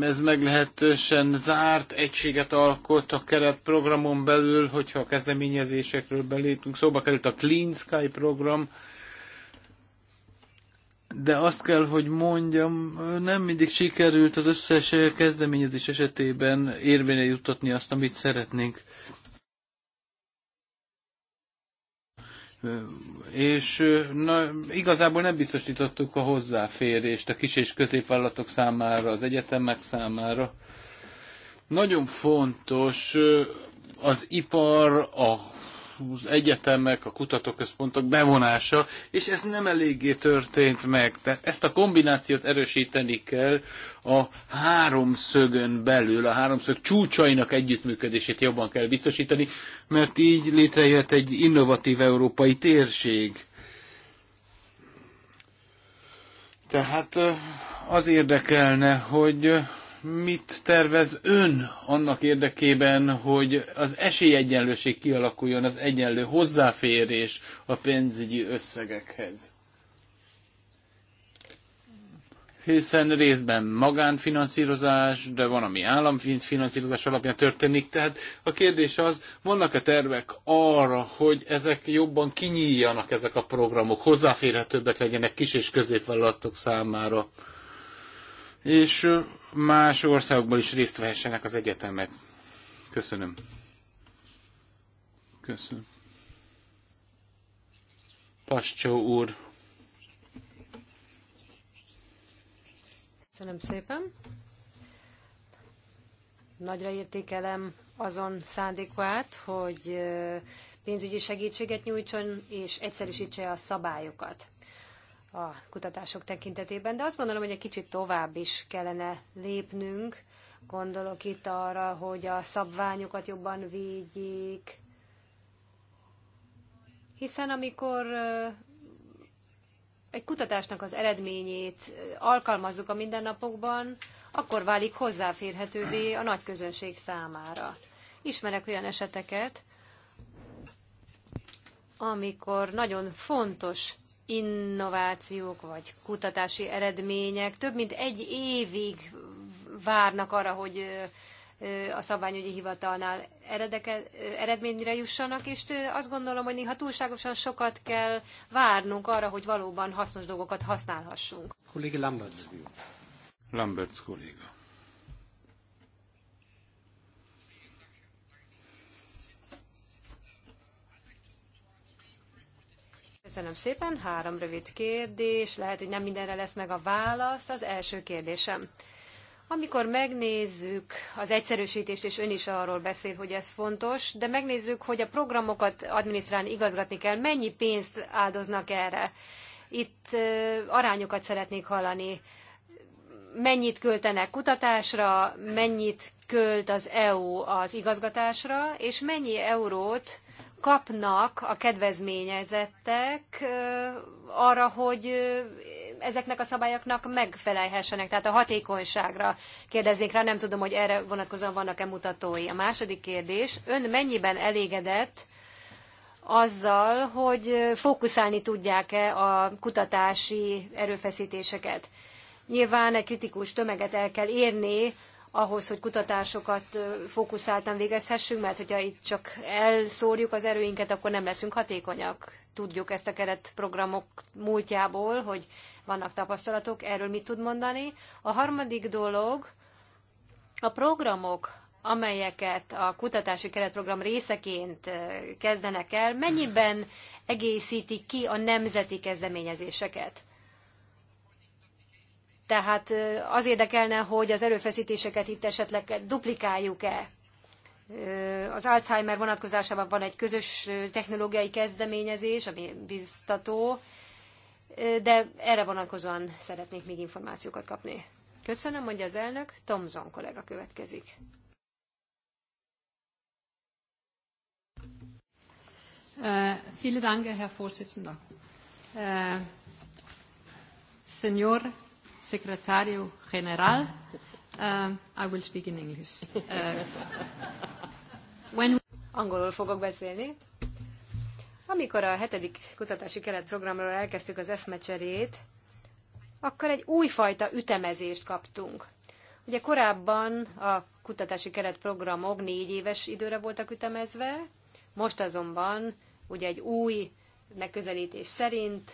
ez meglehetősen zárt egységet alkot a keretprogramon belül, hogyha a kezdeményezésekről belépünk. Szóba került a Clean Sky program, de azt kell, hogy mondjam, nem mindig sikerült az összes kezdeményezés esetében érvényre juttatni azt, amit szeretnénk. És na, igazából nem biztosítottuk a hozzáférést a kis és középvállalatok számára, az egyetemek számára. Nagyon fontos az ipar, a az egyetemek, a kutatóközpontok bevonása, és ez nem eléggé történt meg. Tehát ezt a kombinációt erősíteni kell a háromszögön belül, a háromszög csúcsainak együttműködését jobban kell biztosítani, mert így létrejött egy innovatív európai térség. Tehát az érdekelne, hogy mit tervez ön annak érdekében, hogy az esélyegyenlőség kialakuljon, az egyenlő hozzáférés a pénzügyi összegekhez? hiszen részben magánfinanszírozás, de van, ami államfinanszírozás alapján történik. Tehát a kérdés az, vannak-e tervek arra, hogy ezek jobban kinyíljanak ezek a programok, hozzáférhetőbbek legyenek kis és középvállalatok számára? És más országokból is részt vehessenek az egyetemek. Köszönöm. Köszönöm. Pascsó úr. Köszönöm szépen. Nagyra értékelem azon szándékát, hogy pénzügyi segítséget nyújtson és egyszerűsítse a szabályokat a kutatások tekintetében, de azt gondolom, hogy egy kicsit tovább is kellene lépnünk. Gondolok itt arra, hogy a szabványokat jobban védjék, hiszen amikor egy kutatásnak az eredményét alkalmazzuk a mindennapokban, akkor válik hozzáférhetővé a nagy közönség számára. Ismerek olyan eseteket, amikor nagyon fontos innovációk vagy kutatási eredmények több mint egy évig várnak arra, hogy a szabványügyi hivatalnál eredeke, eredményre jussanak, és azt gondolom, hogy néha túlságosan sokat kell várnunk arra, hogy valóban hasznos dolgokat használhassunk. Kollégi Lamberts. Lamberts kolléga. Köszönöm szépen. Három rövid kérdés. Lehet, hogy nem mindenre lesz meg a válasz. Az első kérdésem. Amikor megnézzük az egyszerűsítést, és ön is arról beszél, hogy ez fontos, de megnézzük, hogy a programokat adminisztrálni, igazgatni kell, mennyi pénzt áldoznak erre. Itt arányokat szeretnék hallani. Mennyit költenek kutatásra, mennyit költ az EU az igazgatásra, és mennyi eurót kapnak a kedvezményezettek arra, hogy ezeknek a szabályoknak megfelelhessenek, tehát a hatékonyságra kérdeznék rá, nem tudom, hogy erre vonatkozóan vannak-e mutatói. A második kérdés, ön mennyiben elégedett azzal, hogy fókuszálni tudják-e a kutatási erőfeszítéseket? Nyilván egy kritikus tömeget el kell érni, ahhoz, hogy kutatásokat fókuszáltan végezhessünk, mert hogyha itt csak elszórjuk az erőinket, akkor nem leszünk hatékonyak. Tudjuk ezt a keretprogramok múltjából, hogy vannak tapasztalatok, erről mit tud mondani. A harmadik dolog, a programok, amelyeket a kutatási keretprogram részeként kezdenek el, mennyiben egészítik ki a nemzeti kezdeményezéseket? Tehát az érdekelne, hogy az erőfeszítéseket itt esetleg duplikáljuk-e. Az Alzheimer vonatkozásában van egy közös technológiai kezdeményezés, ami biztató, de erre vonatkozóan szeretnék még információkat kapni. Köszönöm, mondja az elnök. Tomzon kollega következik. Uh, vielen Dank, Herr Vorsitzender. Uh, Senior Secretario General. Um, I will speak in English. Uh, when... Angolul fogok beszélni. Amikor a hetedik kutatási keretprogramról elkezdtük az eszmecserét, akkor egy újfajta ütemezést kaptunk. Ugye korábban a kutatási keretprogramok négy éves időre voltak ütemezve, most azonban ugye egy új megközelítés szerint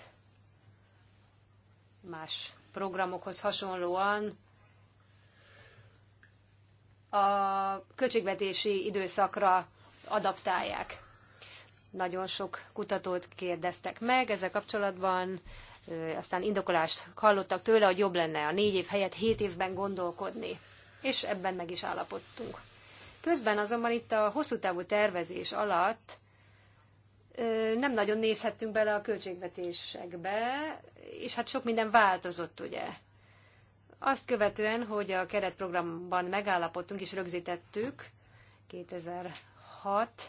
más programokhoz hasonlóan a költségvetési időszakra adaptálják. Nagyon sok kutatót kérdeztek meg ezzel kapcsolatban, aztán indokolást hallottak tőle, hogy jobb lenne a négy év helyett hét évben gondolkodni. És ebben meg is állapodtunk. Közben azonban itt a hosszú távú tervezés alatt nem nagyon nézhettünk bele a költségvetésekbe, és hát sok minden változott, ugye. Azt követően, hogy a keretprogramban megállapodtunk és rögzítettük 2006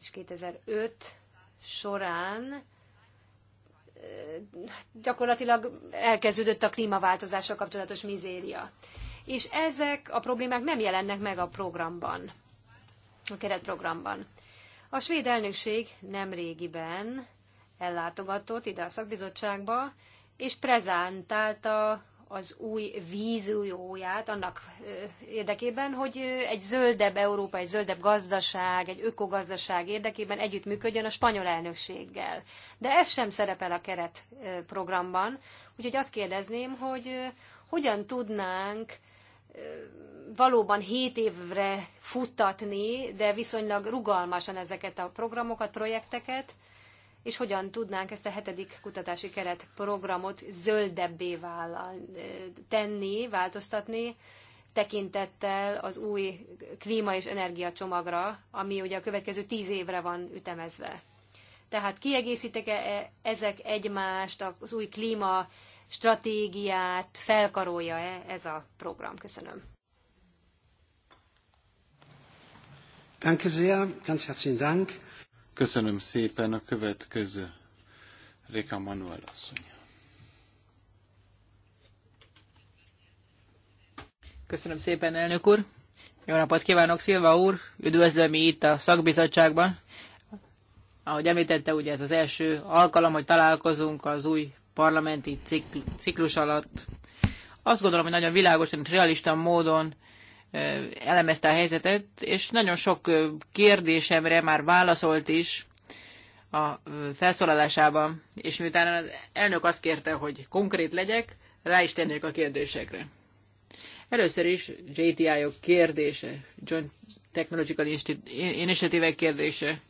és 2005 során, gyakorlatilag elkezdődött a klímaváltozással kapcsolatos mizéria. És ezek a problémák nem jelennek meg a programban, a keretprogramban. A svéd elnökség nem régiben ellátogatott ide a szakbizottságba, és prezentálta az új vízióját annak érdekében, hogy egy zöldebb Európa, egy zöldebb gazdaság, egy ökogazdaság érdekében együttműködjön a spanyol elnökséggel. De ez sem szerepel a keretprogramban, úgyhogy azt kérdezném, hogy hogyan tudnánk valóban 7 évre futtatni, de viszonylag rugalmasan ezeket a programokat, projekteket, és hogyan tudnánk ezt a hetedik kutatási keret programot zöldebbé vállal, tenni, változtatni, tekintettel az új klíma és energiacsomagra, ami ugye a következő tíz évre van ütemezve. Tehát kiegészítek -e ezek egymást, az új klíma stratégiát felkarolja-e ez a program? Köszönöm. Danke sehr, ganz herzlichen Dank. Köszönöm szépen a következő Réka Manuel asszony. Köszönöm szépen, elnök úr. Jó napot kívánok, Szilva úr. Üdvözlöm itt a szakbizottságban. Ahogy említette, ugye ez az első alkalom, hogy találkozunk az új parlamenti ciklus alatt. Azt gondolom, hogy nagyon világosan és realista módon elemezte a helyzetet, és nagyon sok kérdésemre már válaszolt is a felszólalásában, és miután az elnök azt kérte, hogy konkrét legyek, rá is tennék a kérdésekre. Először is JTI-ok kérdése, Joint Technological Initiative kérdése.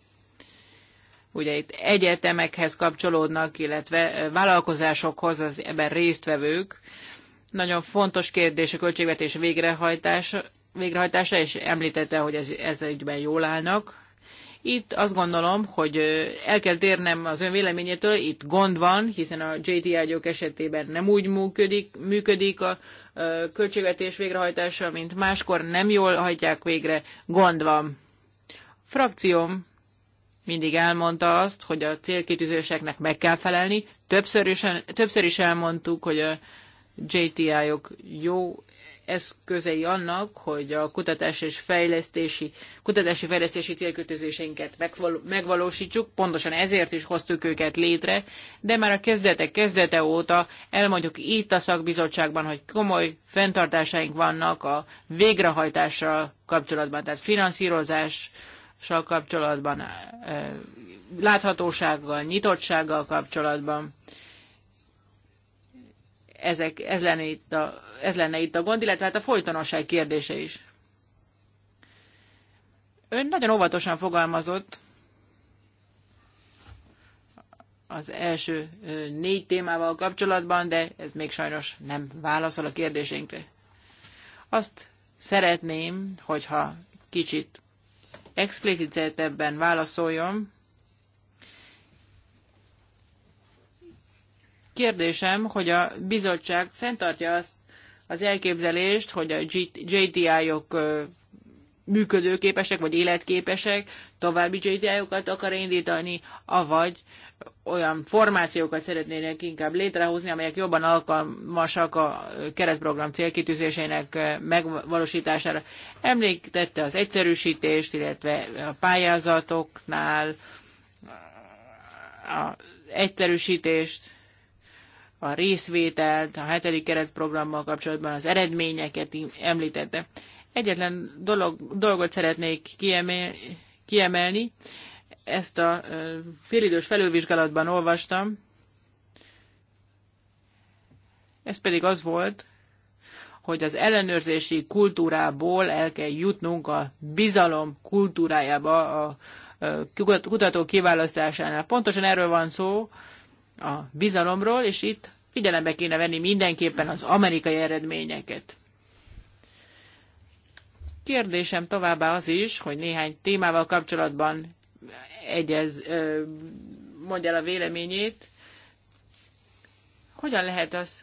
Ugye itt egyetemekhez kapcsolódnak, illetve vállalkozásokhoz az ebben résztvevők. Nagyon fontos kérdés a költségvetés végrehajtása, végrehajtása és említette, hogy ez, ez ügyben jól állnak. Itt azt gondolom, hogy el kell térnem az ön véleményétől, itt gond van, hiszen a JTI gyók esetében nem úgy működik, működik a költségvetés végrehajtása, mint máskor nem jól hajtják végre, gond van. A frakcióm mindig elmondta azt, hogy a célkitűzéseknek meg kell felelni. Többször is, többször is elmondtuk, hogy a JTI-ok -ok jó eszközei annak, hogy a kutatás és fejlesztési, kutatási fejlesztési célkötözéseinket megvalósítsuk. Pontosan ezért is hoztuk őket létre, de már a kezdetek kezdete óta elmondjuk itt a szakbizottságban, hogy komoly fenntartásaink vannak a végrehajtással kapcsolatban, tehát finanszírozással kapcsolatban, eh, láthatósággal, nyitottsággal kapcsolatban ezek, ez, lenne itt a, ez lenne itt a gond, illetve hát a folytonosság kérdése is. Ön nagyon óvatosan fogalmazott az első négy témával kapcsolatban, de ez még sajnos nem válaszol a kérdésénkre. Azt szeretném, hogyha kicsit explicitebben válaszoljon, Kérdésem, hogy a bizottság fenntartja azt az elképzelést, hogy a JTI-ok működőképesek vagy életképesek, további JTI-okat akar indítani, avagy olyan formációkat szeretnének inkább létrehozni, amelyek jobban alkalmasak a keretprogram célkitűzésének megvalósítására. Említette az egyszerűsítést, illetve a pályázatoknál az egyszerűsítést, a részvételt, a hetedik keretprogrammal kapcsolatban az eredményeket említette. Egyetlen dolog, dolgot szeretnék kiemel, kiemelni, ezt a félidős felülvizsgálatban olvastam, ez pedig az volt, hogy az ellenőrzési kultúrából el kell jutnunk a bizalom kultúrájába a kutató kiválasztásánál. Pontosan erről van szó, a bizalomról, és itt Figyelembe kéne venni mindenképpen az amerikai eredményeket. Kérdésem továbbá az is, hogy néhány témával kapcsolatban egyez, mondja el a véleményét. Hogyan lehet az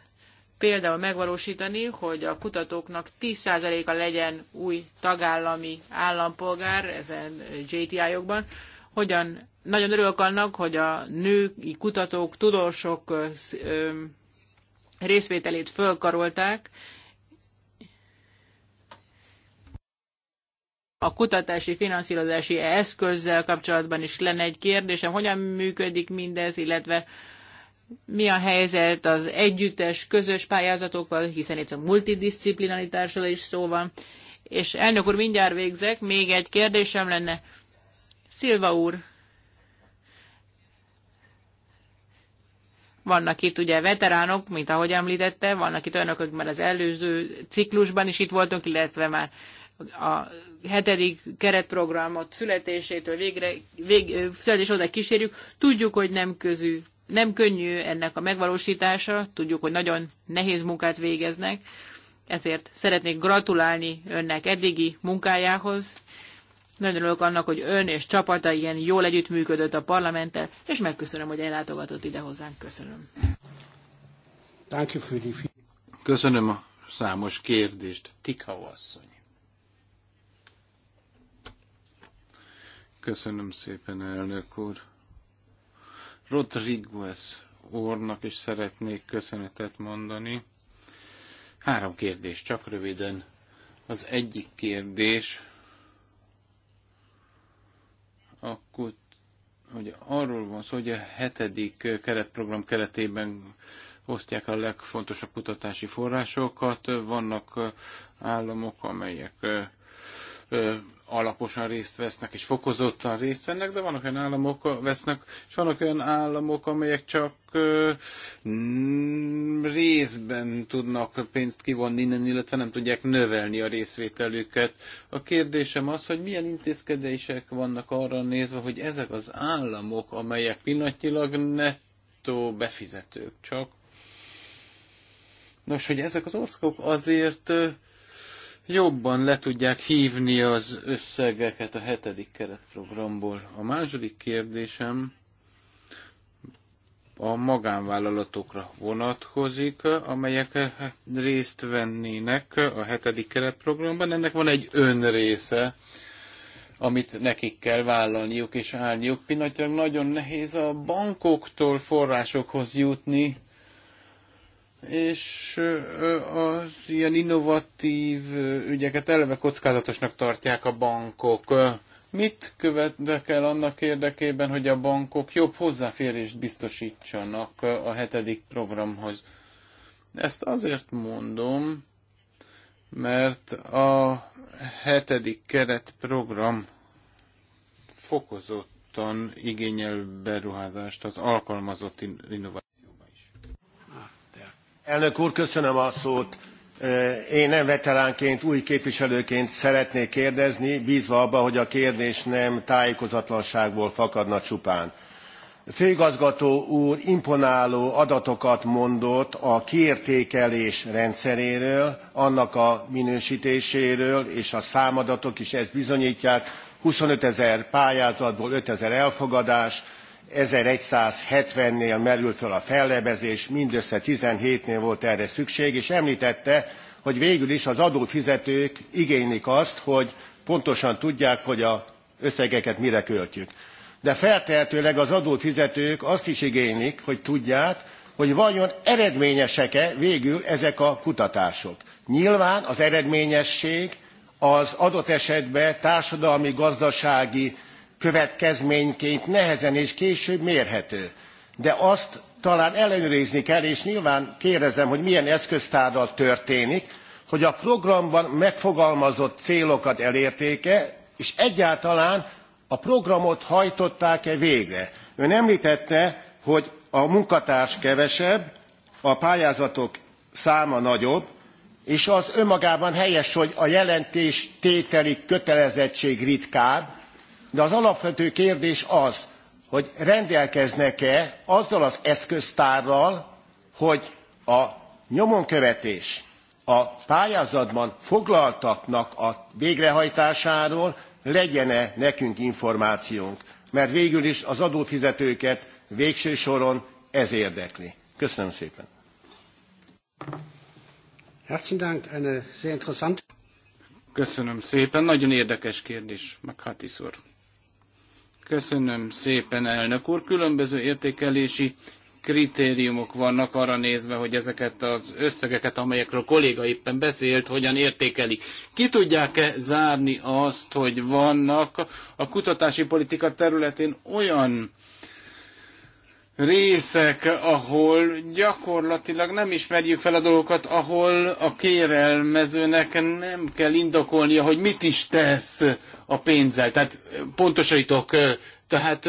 például megvalósítani, hogy a kutatóknak 10%-a legyen új tagállami állampolgár ezen JTI-okban? Hogyan nagyon örülök annak, hogy a női kutatók, tudósok részvételét fölkarolták, a kutatási finanszírozási eszközzel kapcsolatban is lenne egy kérdésem, hogyan működik mindez, illetve mi a helyzet az együttes, közös pályázatokkal, hiszen itt a multidisciplinaritásról is szó van. És elnök úr, mindjárt végzek, még egy kérdésem lenne. Szilva úr Vannak itt ugye veteránok, mint ahogy említette, vannak itt olyanok, akik már az előző ciklusban is itt voltunk, illetve már a hetedik keretprogramot születésétől végre, vég, születés oda kísérjük. Tudjuk, hogy nem közű, nem könnyű ennek a megvalósítása, tudjuk, hogy nagyon nehéz munkát végeznek, ezért szeretnék gratulálni önnek eddigi munkájához, nagyon örülök annak, hogy ön és csapata ilyen jól együttműködött a parlamenttel, és megköszönöm, hogy ellátogatott ide hozzánk. Köszönöm. Köszönöm a számos kérdést. Tika asszony. Köszönöm szépen, elnök úr. Rodriguez úrnak is szeretnék köszönetet mondani. Három kérdés, csak röviden. Az egyik kérdés akkor hogy arról van szó, hogy a hetedik keretprogram keretében osztják a legfontosabb kutatási forrásokat. Vannak államok, amelyek alaposan részt vesznek, és fokozottan részt vennek, de vannak olyan államok, vesznek, és vannak olyan államok, amelyek csak ö, mm, részben tudnak pénzt kivonni innen, illetve nem tudják növelni a részvételüket. A kérdésem az, hogy milyen intézkedések vannak arra nézve, hogy ezek az államok, amelyek pillanatnyilag nettó befizetők csak, Nos, hogy ezek az országok azért jobban le tudják hívni az összegeket a hetedik keretprogramból. A második kérdésem a magánvállalatokra vonatkozik, amelyek részt vennének a hetedik keretprogramban. Ennek van egy önrésze, amit nekik kell vállalniuk és állniuk. Pillanatilag nagyon nehéz a bankoktól forrásokhoz jutni, és az ilyen innovatív ügyeket eleve kockázatosnak tartják a bankok. Mit követnek el annak érdekében, hogy a bankok jobb hozzáférést biztosítsanak a hetedik programhoz? Ezt azért mondom, mert a hetedik keretprogram fokozottan igényel beruházást az alkalmazott innovációt. Elnök úr, köszönöm a szót. Én nem veteránként, új képviselőként szeretnék kérdezni, bízva abba, hogy a kérdés nem tájékozatlanságból fakadna csupán. Főigazgató úr imponáló adatokat mondott a kiértékelés rendszeréről, annak a minősítéséről, és a számadatok is ezt bizonyítják. 25 ezer pályázatból 5 ezer elfogadás, 1170-nél merült föl a fellebbezés mindössze seventeen nél volt erre szükség, és említette, hogy végül is az adófizetők igénylik azt, hogy pontosan tudják, hogy az összegeket mire költjük. De feltehetőleg az adófizetők azt is igénylik, hogy tudják, hogy vajon eredményesek-e végül ezek a kutatások. Nyilván az eredményesség az adott esetben társadalmi, gazdasági következményként nehezen és később mérhető. De azt talán ellenőrizni kell, és nyilván kérdezem, hogy milyen eszköztárral történik, hogy a programban megfogalmazott célokat elérték-e, és egyáltalán a programot hajtották-e végre. Ön említette, hogy a munkatárs kevesebb, a pályázatok száma nagyobb, és az önmagában helyes, hogy a jelentés tételi kötelezettség ritkább, de az alapvető kérdés az hogy rendelkeznek e azzal az eszköztárral hogy a nyomonkövetés a pályázatban foglaltaknak a végrehajtásáról legyen e nekünk információnk mert végül is az adófizetőket végső soron ez érdekli. Köszönöm szépen. Köszönöm szépen, nagyon érdekes kérdés, Makhatis Köszönöm szépen, elnök úr. Különböző értékelési kritériumok vannak arra nézve, hogy ezeket az összegeket, amelyekről a kolléga éppen beszélt, hogyan értékelik. Ki tudják-e zárni azt, hogy vannak a kutatási politika területén olyan részek, ahol gyakorlatilag nem ismerjük fel a dolgokat, ahol a kérelmezőnek nem kell indokolnia, hogy mit is tesz a pénzzel. Tehát pontosítok, tehát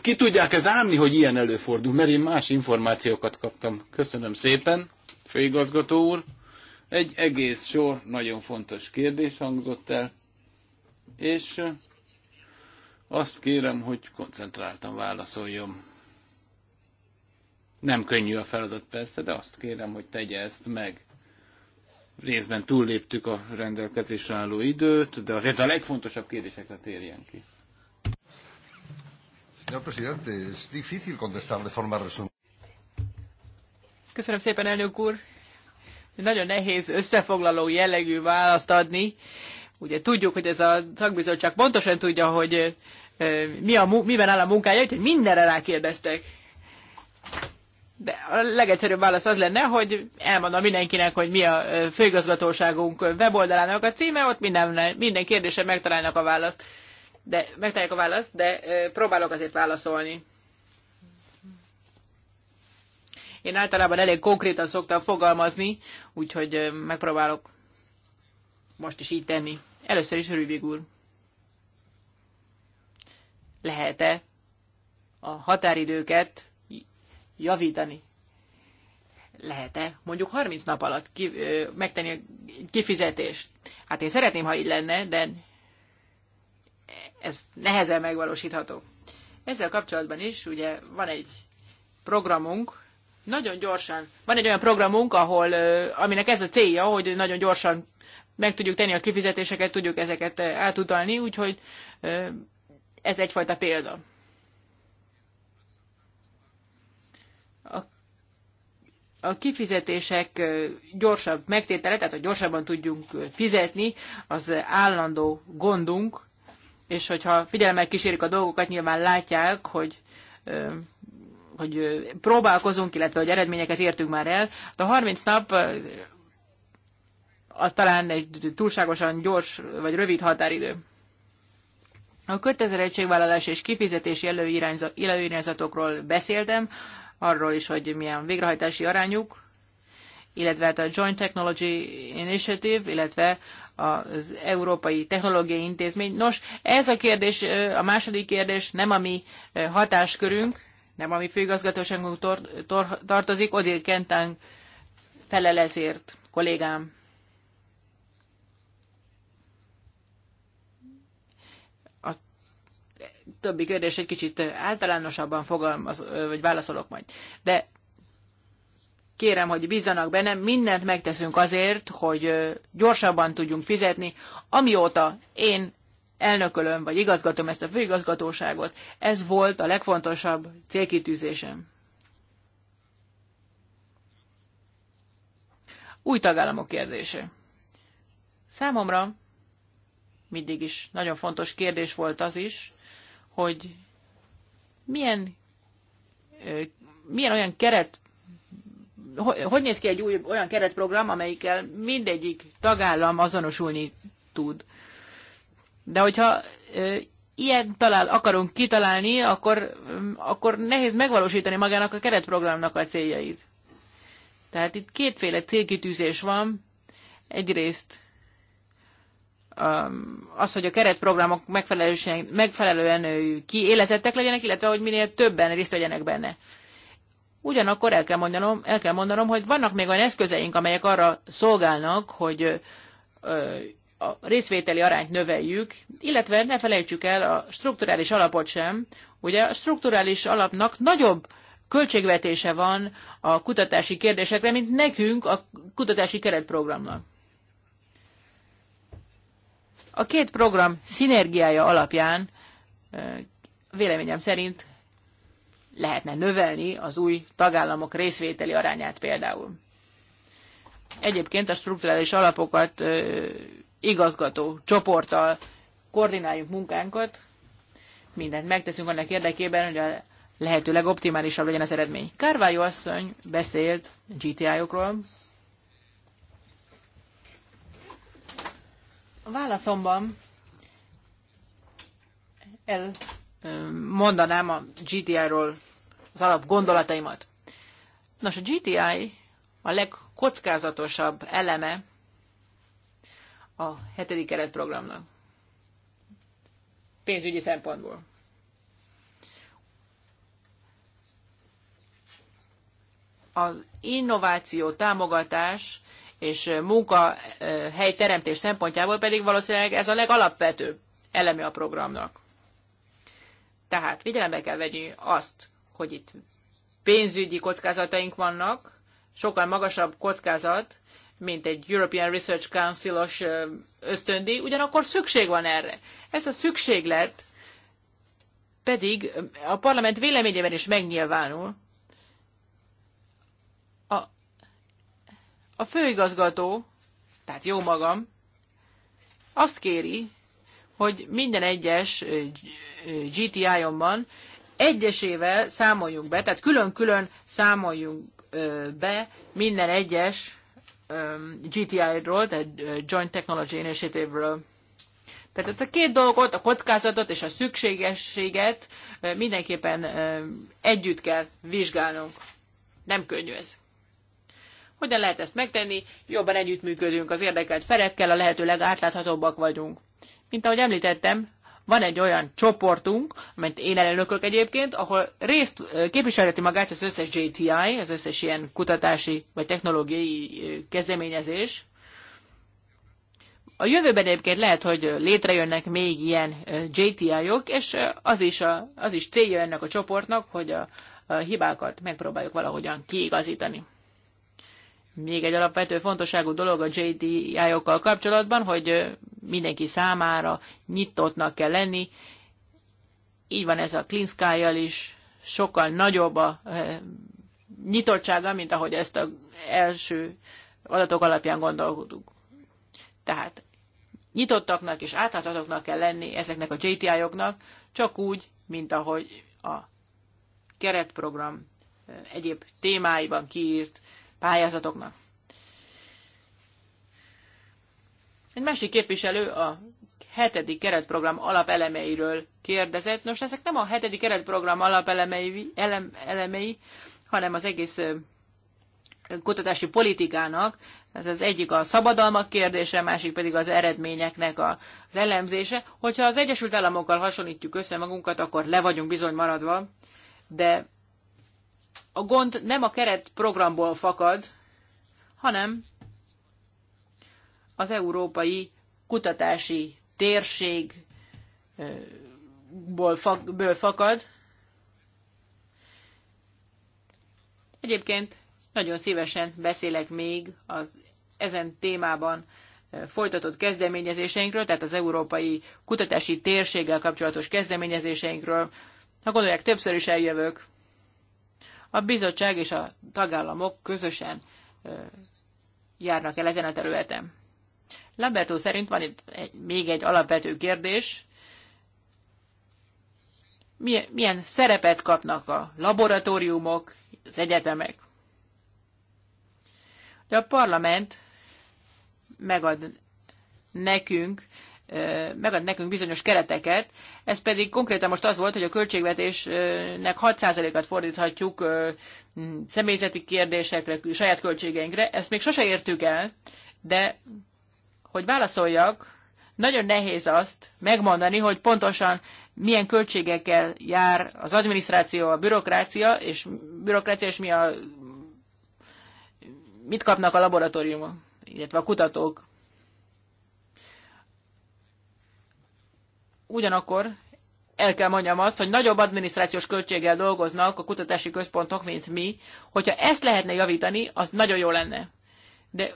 ki tudják ez állni, hogy ilyen előfordul, mert én más információkat kaptam. Köszönöm szépen, főigazgató úr. Egy egész sor nagyon fontos kérdés hangzott el, és azt kérem, hogy koncentráltan válaszoljon. Nem könnyű a feladat persze, de azt kérem, hogy tegye ezt meg részben túlléptük a rendelkezésre álló időt, de azért a legfontosabb kérdésekre térjen ki. Köszönöm szépen, elnök úr. Nagyon nehéz összefoglaló jellegű választ adni. Ugye tudjuk, hogy ez a szakbizottság pontosan tudja, hogy mi a, miben áll a munkája, hogy mindenre rákérdeztek. De a legegyszerűbb válasz az lenne, hogy elmondom mindenkinek, hogy mi a főigazgatóságunk weboldalának a címe, ott minden, minden kérdésre megtalálnak a választ. De megtalálják a választ, de próbálok azért válaszolni. Én általában elég konkrétan szoktam fogalmazni, úgyhogy megpróbálok most is így tenni. Először is Rübig úr. Lehet-e a határidőket javítani. Lehet-e mondjuk 30 nap alatt ki, ö, megtenni a kifizetést? Hát én szeretném, ha így lenne, de ez nehezen megvalósítható. Ezzel kapcsolatban is ugye van egy programunk, nagyon gyorsan, van egy olyan programunk, ahol, aminek ez a célja, hogy nagyon gyorsan meg tudjuk tenni a kifizetéseket, tudjuk ezeket átutalni, úgyhogy ez egyfajta példa. a kifizetések gyorsabb megtétele, tehát hogy gyorsabban tudjunk fizetni, az állandó gondunk, és hogyha figyelemmel kísérik a dolgokat, nyilván látják, hogy hogy próbálkozunk, illetve hogy eredményeket értünk már el. De a 30 nap az talán egy túlságosan gyors vagy rövid határidő. A kötelezettségvállalás és kifizetési előirányzatokról beszéltem arról is, hogy milyen végrehajtási arányuk, illetve hát a Joint Technology Initiative, illetve az Európai Technológiai Intézmény. Nos, ez a kérdés, a második kérdés nem a mi hatáskörünk, nem a mi főigazgatóságunk tartozik, Odil Kentán felel ezért, kollégám. többi kérdés egy kicsit általánosabban fogalmaz, vagy válaszolok majd. De kérem, hogy bízzanak bennem, mindent megteszünk azért, hogy gyorsabban tudjunk fizetni. Amióta én elnökölöm, vagy igazgatom ezt a főigazgatóságot, ez volt a legfontosabb célkitűzésem. Új tagállamok kérdése. Számomra mindig is nagyon fontos kérdés volt az is, hogy milyen, milyen olyan keret, hogy néz ki egy új olyan keretprogram, amelyikkel mindegyik tagállam azonosulni tud. De hogyha ilyen talál, akarunk kitalálni, akkor, mm, akkor nehéz megvalósítani magának a keretprogramnak a céljait. Tehát itt kétféle célkitűzés van. Egyrészt Um, az, hogy a keretprogramok megfelelően, megfelelően kiélezettek legyenek, illetve hogy minél többen részt vegyenek benne. Ugyanakkor el kell, mondanom, el kell mondanom, hogy vannak még olyan eszközeink, amelyek arra szolgálnak, hogy a részvételi arányt növeljük, illetve ne felejtsük el a strukturális alapot sem. Ugye a strukturális alapnak nagyobb költségvetése van a kutatási kérdésekre, mint nekünk a kutatási keretprogramnak. A két program szinergiája alapján véleményem szerint lehetne növelni az új tagállamok részvételi arányát például. Egyébként a strukturális alapokat igazgató csoporttal koordináljuk munkánkat, mindent megteszünk annak érdekében, hogy a lehető legoptimálisabb legyen az eredmény. Kárvályó asszony beszélt GTI-okról, válaszomban el mondanám a GTI-ról az alap gondolataimat. Nos, a GTI a legkockázatosabb eleme a hetedik keretprogramnak. Pénzügyi szempontból. Az innováció támogatás és munkahely teremtés szempontjából pedig valószínűleg ez a legalapvetőbb eleme a programnak. Tehát figyelembe kell venni azt, hogy itt pénzügyi kockázataink vannak, sokkal magasabb kockázat, mint egy European Research Council-os ösztöndi, ugyanakkor szükség van erre. Ez a szükséglet pedig a parlament véleményében is megnyilvánul, A főigazgató, tehát jó magam, azt kéri, hogy minden egyes GTI-omban egyesével számoljunk be, tehát külön-külön számoljunk be minden egyes GTI-ról, tehát Joint Technology Initiative-ről. Tehát ezt a két dolgot, a kockázatot és a szükségességet mindenképpen együtt kell vizsgálnunk. Nem könnyű ez. Hogyan lehet ezt megtenni? Jobban együttműködünk az érdekelt felekkel, a lehető legátláthatóbbak vagyunk. Mint ahogy említettem, van egy olyan csoportunk, amit én elnökök egyébként, ahol részt képviselheti magát az összes JTI, az összes ilyen kutatási vagy technológiai kezdeményezés. A jövőben egyébként lehet, hogy létrejönnek még ilyen JTI-ok, -ok, és az is, a, az is célja ennek a csoportnak, hogy a, a hibákat megpróbáljuk valahogyan kiigazítani még egy alapvető fontosságú dolog a JDI-okkal kapcsolatban, hogy mindenki számára nyitottnak kell lenni. Így van ez a Clean sky is, sokkal nagyobb a nyitottsága, mint ahogy ezt az első adatok alapján gondolkodunk. Tehát nyitottaknak és átláthatóknak kell lenni ezeknek a JTI-oknak, csak úgy, mint ahogy a keretprogram egyéb témáiban kiírt pályázatoknak. Egy másik képviselő a hetedik keretprogram alapelemeiről kérdezett. Nos, ezek nem a hetedik keretprogram alapelemei, elem, elemei, hanem az egész kutatási politikának. Ez az egyik a szabadalmak kérdése, a másik pedig az eredményeknek a, az elemzése. Hogyha az Egyesült Államokkal hasonlítjuk össze magunkat, akkor le vagyunk bizony maradva, de a gond nem a keretprogramból fakad, hanem az európai kutatási térségből fakad. Egyébként nagyon szívesen beszélek még az ezen témában folytatott kezdeményezéseinkről, tehát az európai kutatási térséggel kapcsolatos kezdeményezéseinkről. Ha gondolják, többször is eljövök a bizottság és a tagállamok közösen járnak el ezen a területen. Lamberto szerint van itt egy, még egy alapvető kérdés. Milyen, milyen szerepet kapnak a laboratóriumok, az egyetemek? De a parlament megad nekünk megad nekünk bizonyos kereteket, ez pedig konkrétan most az volt, hogy a költségvetésnek 6%-at fordíthatjuk személyzeti kérdésekre, saját költségeinkre, ezt még sose értük el, de hogy válaszoljak, nagyon nehéz azt megmondani, hogy pontosan milyen költségekkel jár az adminisztráció, a bürokrácia, és bürokrácia és mi a, mit kapnak a laboratóriumok, illetve a kutatók. ugyanakkor el kell mondjam azt, hogy nagyobb adminisztrációs költséggel dolgoznak a kutatási központok, mint mi. Hogyha ezt lehetne javítani, az nagyon jó lenne. De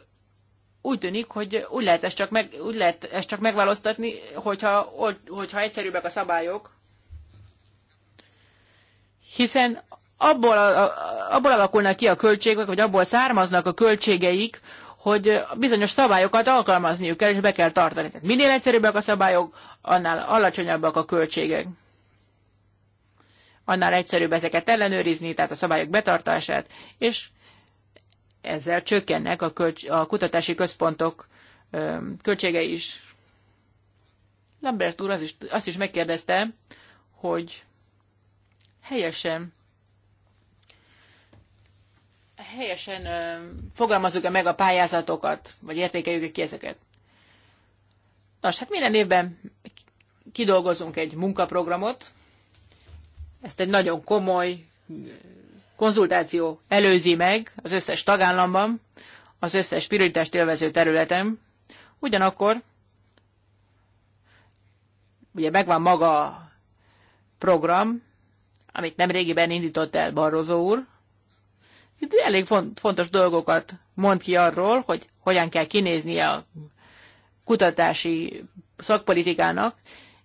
úgy tűnik, hogy úgy lehet ezt csak, meg, úgy lehet ezt csak megválasztatni, hogyha, hogyha egyszerűbbek a szabályok. Hiszen abból, abból alakulnak ki a költségek, vagy abból származnak a költségeik, hogy bizonyos szabályokat alkalmazniuk kell, és be kell tartani. Tehát minél egyszerűbbek a szabályok, annál alacsonyabbak a költségek. Annál egyszerűbb ezeket ellenőrizni, tehát a szabályok betartását, és ezzel csökkennek a, költs- a kutatási központok költsége is. Lambert úr az is, azt is megkérdezte, hogy helyesen helyesen fogalmazzuk-e meg a pályázatokat, vagy értékeljük -e ki ezeket. Nos, hát minden évben kidolgozunk egy munkaprogramot, ezt egy nagyon komoly mm, konzultáció előzi meg az összes tagállamban, az összes prioritást élvező területen. Ugyanakkor ugye megvan maga a program, amit nem régiben indított el Barroso úr. Itt elég fontos dolgokat mond ki arról, hogy hogyan kell kinéznie a kutatási szakpolitikának,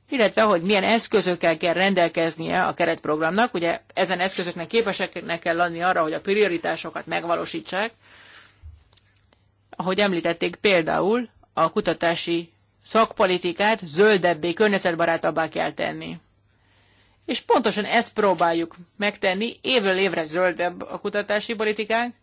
illetve hogy milyen eszközökkel kell rendelkeznie a keretprogramnak. Ugye ezen eszközöknek képeseknek kell lenni arra, hogy a prioritásokat megvalósítsák. Ahogy említették, például a kutatási szakpolitikát zöldebbé, környezetbarátabbá kell tenni. És pontosan ezt próbáljuk megtenni, évről évre zöldebb a kutatási politikánk,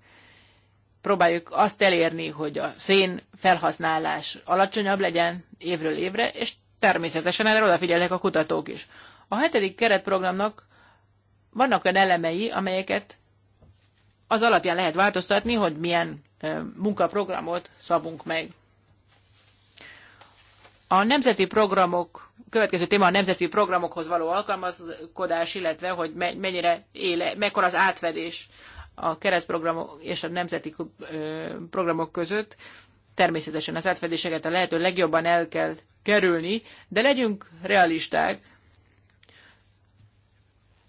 próbáljuk azt elérni, hogy a szén felhasználás alacsonyabb legyen évről évre, és természetesen erre odafigyelnek a kutatók is. A hetedik keretprogramnak vannak olyan elemei, amelyeket az alapján lehet változtatni, hogy milyen munkaprogramot szabunk meg. A nemzeti programok, következő téma a nemzeti programokhoz való alkalmazkodás, illetve hogy mennyire éle, mekkora az átfedés a keretprogramok és a nemzeti programok között. Természetesen az átfedéseket a lehető legjobban el kell kerülni, de legyünk realisták.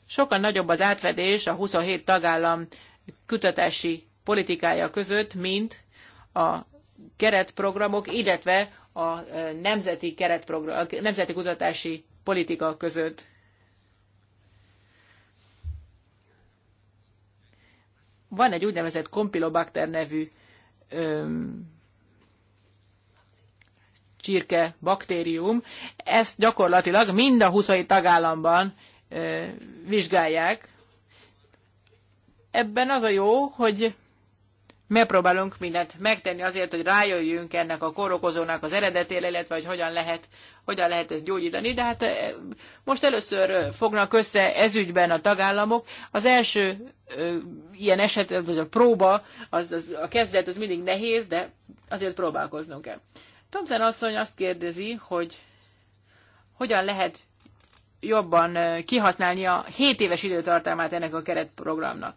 Sokkal nagyobb az átfedés a 27 tagállam kutatási politikája között, mint a keretprogramok, illetve a nemzeti, keretprogram, a nemzeti kutatási politika között. van egy úgynevezett kompilobakter nevű öm, csirke baktérium. Ezt gyakorlatilag mind a 27 tagállamban ö, vizsgálják. Ebben az a jó, hogy megpróbálunk mindent megtenni azért, hogy rájöjjünk ennek a korokozónak, az eredetére, illetve hogy hogyan lehet, hogyan lehet ezt gyógyítani. De hát eh, most először eh, fognak össze ezügyben a tagállamok. Az első eh, ilyen eset, vagy a próba, az, az, a kezdet az mindig nehéz, de azért próbálkoznunk kell. Thompson asszony azt kérdezi, hogy hogyan lehet jobban kihasználni a 7 éves időtartamát ennek a keretprogramnak.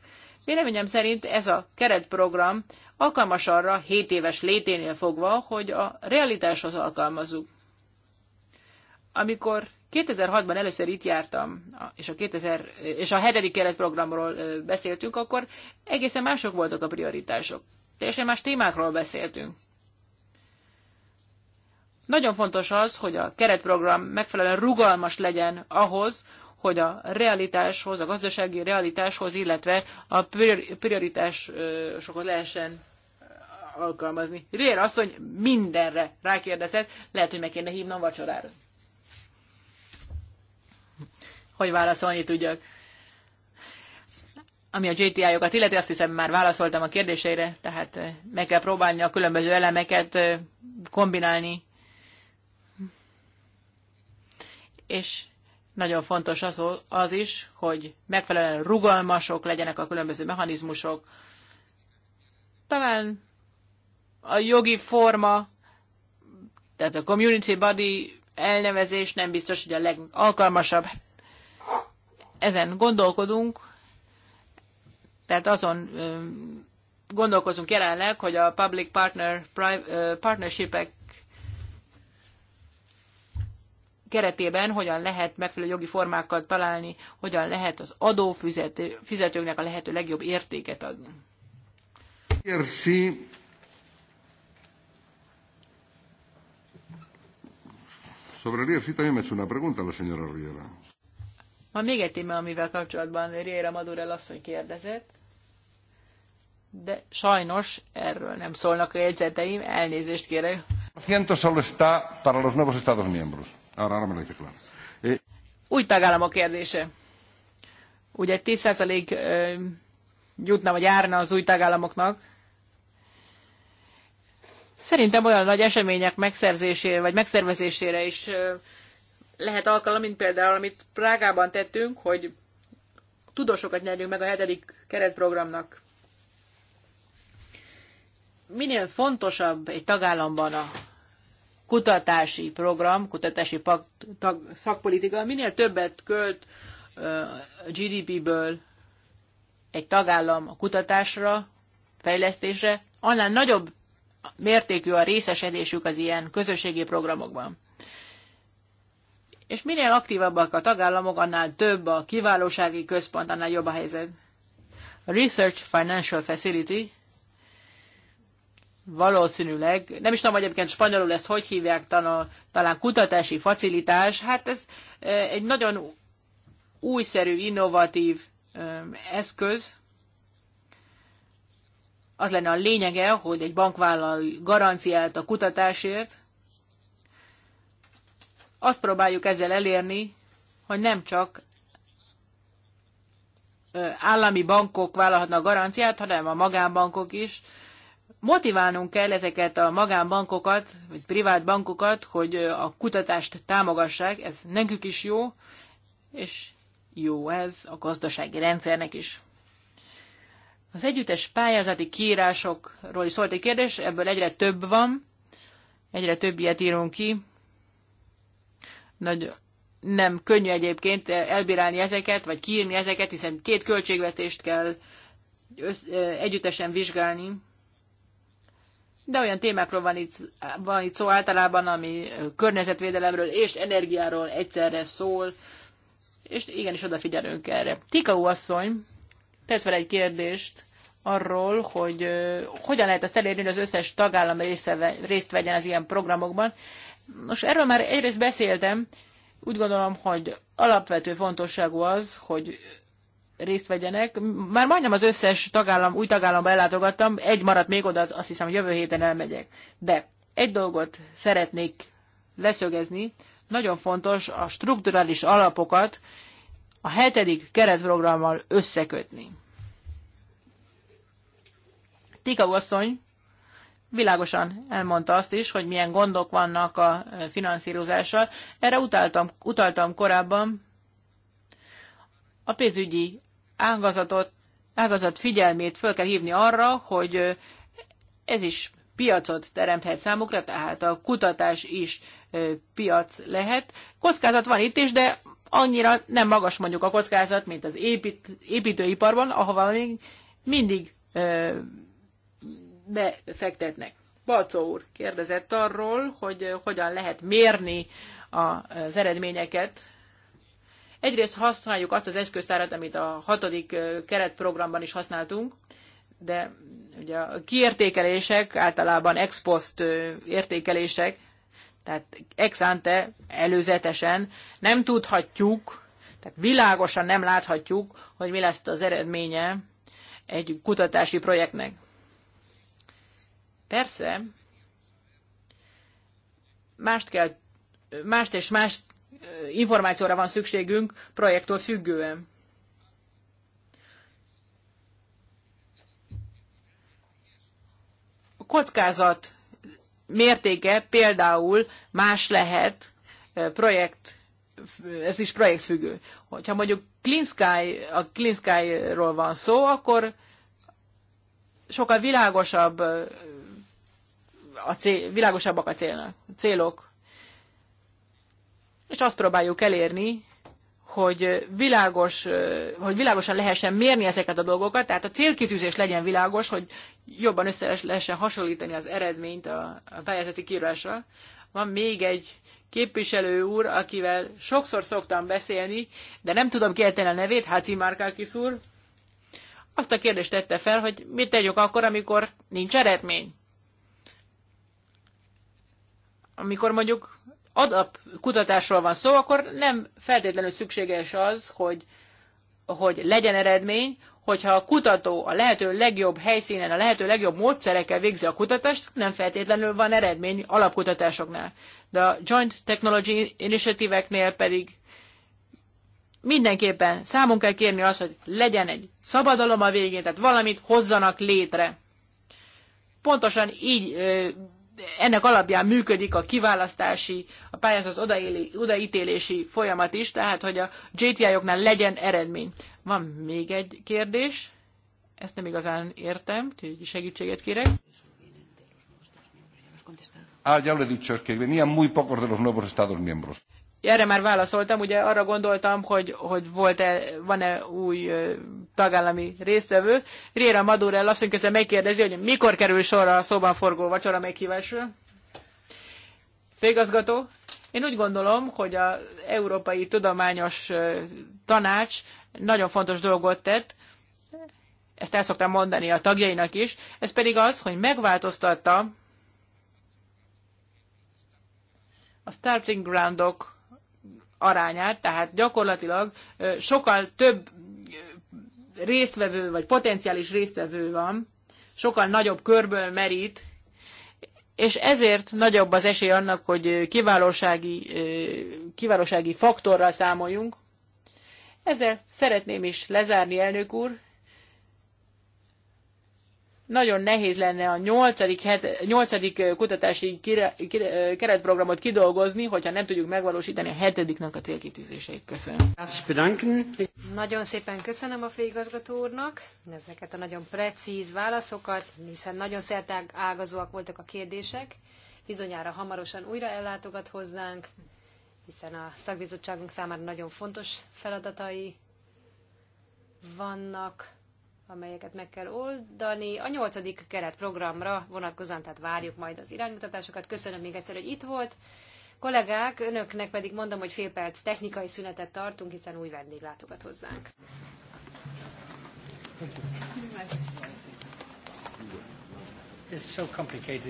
Véleményem szerint ez a keretprogram alkalmas arra 7 éves léténél fogva, hogy a realitáshoz alkalmazzuk. Amikor 2006-ban először itt jártam, és a, 2000, és a hetedik keretprogramról beszéltünk, akkor egészen mások voltak a prioritások. Teljesen más témákról beszéltünk. Nagyon fontos az, hogy a keretprogram megfelelően rugalmas legyen ahhoz, hogy a realitáshoz, a gazdasági realitáshoz, illetve a prioritásokhoz lehessen alkalmazni. Rier asszony mindenre rákérdezett, lehet, hogy meg kéne hívnom vacsorára. Hogy válaszolni tudjak. Ami a JTI-okat illeti, azt hiszem már válaszoltam a kérdéseire, tehát eh, meg kell próbálni a különböző elemeket eh, kombinálni. És nagyon fontos az, az is, hogy megfelelően rugalmasok legyenek a különböző mechanizmusok. Talán a jogi forma, tehát a community body elnevezés nem biztos, hogy a legalkalmasabb. Ezen gondolkodunk, tehát azon gondolkozunk jelenleg, hogy a public partner partnershipek keretében hogyan lehet megfelelő jogi formákkal találni, hogyan lehet az adófizetőknek a lehető legjobb értéket adni. Merci. Sobre Riefsi también me hizo una pregunta la señora Riera. Van még egy téma, amivel kapcsolatban Riera Madurell asszony kérdezett, de sajnos erről nem szólnak a jegyzeteim, elnézést kérek. Ciento solo está para los nuevos Estados miembros. Arra, Új tagállamok kérdése. Ugye 10% jutna vagy járna az új tagállamoknak. Szerintem olyan nagy események megszerzésére vagy megszervezésére is lehet alkalom, mint például, amit Prágában tettünk, hogy tudósokat nyerjünk meg a hetedik keretprogramnak. Minél fontosabb egy tagállamban a kutatási program, kutatási szakpolitika minél többet költ a GDP-ből egy tagállam a kutatásra, fejlesztésre, annál nagyobb mértékű a részesedésük az ilyen közösségi programokban. És minél aktívabbak a tagállamok, annál több a kiválósági központ, annál jobb a helyzet. A Research Financial Facility valószínűleg, nem is tudom, hogy egyébként spanyolul ezt hogy hívják, talán kutatási facilitás, hát ez e, egy nagyon újszerű, innovatív e, eszköz. Az lenne a lényege, hogy egy bank vállal garanciát a kutatásért. Azt próbáljuk ezzel elérni, hogy nem csak e, állami bankok vállalhatnak garanciát, hanem a magánbankok is motiválnunk kell ezeket a magánbankokat, vagy privát bankokat, hogy a kutatást támogassák, ez nekük is jó, és jó ez a gazdasági rendszernek is. Az együttes pályázati kiírásokról is szólt egy kérdés, ebből egyre több van, egyre több ilyet írunk ki. Nagy, nem könnyű egyébként elbírálni ezeket, vagy kiírni ezeket, hiszen két költségvetést kell össz, együttesen vizsgálni de olyan témákról van itt, van itt szó általában, ami környezetvédelemről és energiáról egyszerre szól, és igenis odafigyelünk erre. Tikau asszony tett fel egy kérdést arról, hogy uh, hogyan lehet ezt elérni, hogy az összes tagállam része, részt vegyen az ilyen programokban. Most erről már egyrészt beszéltem, úgy gondolom, hogy alapvető fontosságú az, hogy részt vegyenek. Már majdnem az összes tagállam, új tagállamba ellátogattam, egy maradt még oda, azt hiszem, hogy jövő héten elmegyek. De egy dolgot szeretnék leszögezni, nagyon fontos a strukturális alapokat a hetedik keretprogrammal összekötni. Tika asszony világosan elmondta azt is, hogy milyen gondok vannak a finanszírozással. Erre utaltam, utaltam korábban, a pénzügyi ágazatot, ágazat figyelmét föl kell hívni arra, hogy ez is piacot teremthet számukra, tehát a kutatás is piac lehet. Kockázat van itt is, de annyira nem magas mondjuk a kockázat, mint az épít, építőiparban, ahova még mindig ö, befektetnek. Balcó úr kérdezett arról, hogy hogyan lehet mérni az eredményeket Egyrészt használjuk azt az eszköztárat, amit a hatodik keretprogramban is használtunk, de ugye a kiértékelések általában ex post értékelések, tehát ex ante előzetesen nem tudhatjuk, tehát világosan nem láthatjuk, hogy mi lesz az eredménye egy kutatási projektnek. Persze, mást kell, mást és mást információra van szükségünk projektől függően. A kockázat mértéke például más lehet eh, projekt, ez is projektfüggő. Hogyha mondjuk Clean Sky, a Clean Sky-ról van szó, akkor sokkal világosabb eh, a cél, világosabbak a célnak, célok és azt próbáljuk elérni, hogy, világos, hogy világosan lehessen mérni ezeket a dolgokat, tehát a célkitűzés legyen világos, hogy jobban össze lehessen hasonlítani az eredményt a, a pályázati kiírással. Van még egy képviselő úr, akivel sokszor szoktam beszélni, de nem tudom kiejteni a nevét, Háci Márkákis úr. Azt a kérdést tette fel, hogy mit tegyük akkor, amikor nincs eredmény. Amikor mondjuk adatkutatásról van szó, akkor nem feltétlenül szükséges az, hogy, hogy legyen eredmény, hogyha a kutató a lehető legjobb helyszínen, a lehető legjobb módszerekkel végzi a kutatást, nem feltétlenül van eredmény alapkutatásoknál. De a Joint Technology Initiative-eknél pedig mindenképpen számon kell kérni azt, hogy legyen egy szabadalom a végén, tehát valamit hozzanak létre. Pontosan így ennek alapján működik a kiválasztási, a pályázat odaéli, odaítélési folyamat is, tehát hogy a JTI-oknál legyen eredmény. Van még egy kérdés, ezt nem igazán értem, úgyhogy segítséget kérek. Ah, ya lo he dicho, es que venían muy pocos de los nuevos Estados miembros erre már válaszoltam, ugye arra gondoltam, hogy, hogy volt-e, van-e új tagállami résztvevő. Riera Madurell azt mondja, megkérdezi, hogy mikor kerül sorra a szóban forgó vacsora meghívásra. Félgazgató, én úgy gondolom, hogy az Európai Tudományos Tanács nagyon fontos dolgot tett, ezt el szoktam mondani a tagjainak is, ez pedig az, hogy megváltoztatta a starting groundok arányát, tehát gyakorlatilag sokkal több résztvevő, vagy potenciális résztvevő van, sokkal nagyobb körből merít, és ezért nagyobb az esély annak, hogy kiválósági, kiválósági faktorral számoljunk. Ezzel szeretném is lezárni, elnök úr, nagyon nehéz lenne a nyolcadik, het, nyolcadik kutatási kire, kire, keretprogramot kidolgozni, hogyha nem tudjuk megvalósítani a hetediknek a célkitűzéseit. Köszönöm. Nagyon szépen köszönöm a főigazgató úrnak ezeket a nagyon precíz válaszokat, hiszen nagyon szerták ágazóak voltak a kérdések. Bizonyára hamarosan újra ellátogat hozzánk, hiszen a szakbizottságunk számára nagyon fontos feladatai vannak amelyeket meg kell oldani. A nyolcadik keretprogramra vonatkozóan, tehát várjuk majd az iránymutatásokat. Köszönöm még egyszer, hogy itt volt. Kollégák, önöknek pedig mondom, hogy fél perc technikai szünetet tartunk, hiszen új vendég látogat hozzánk. It's so complicated.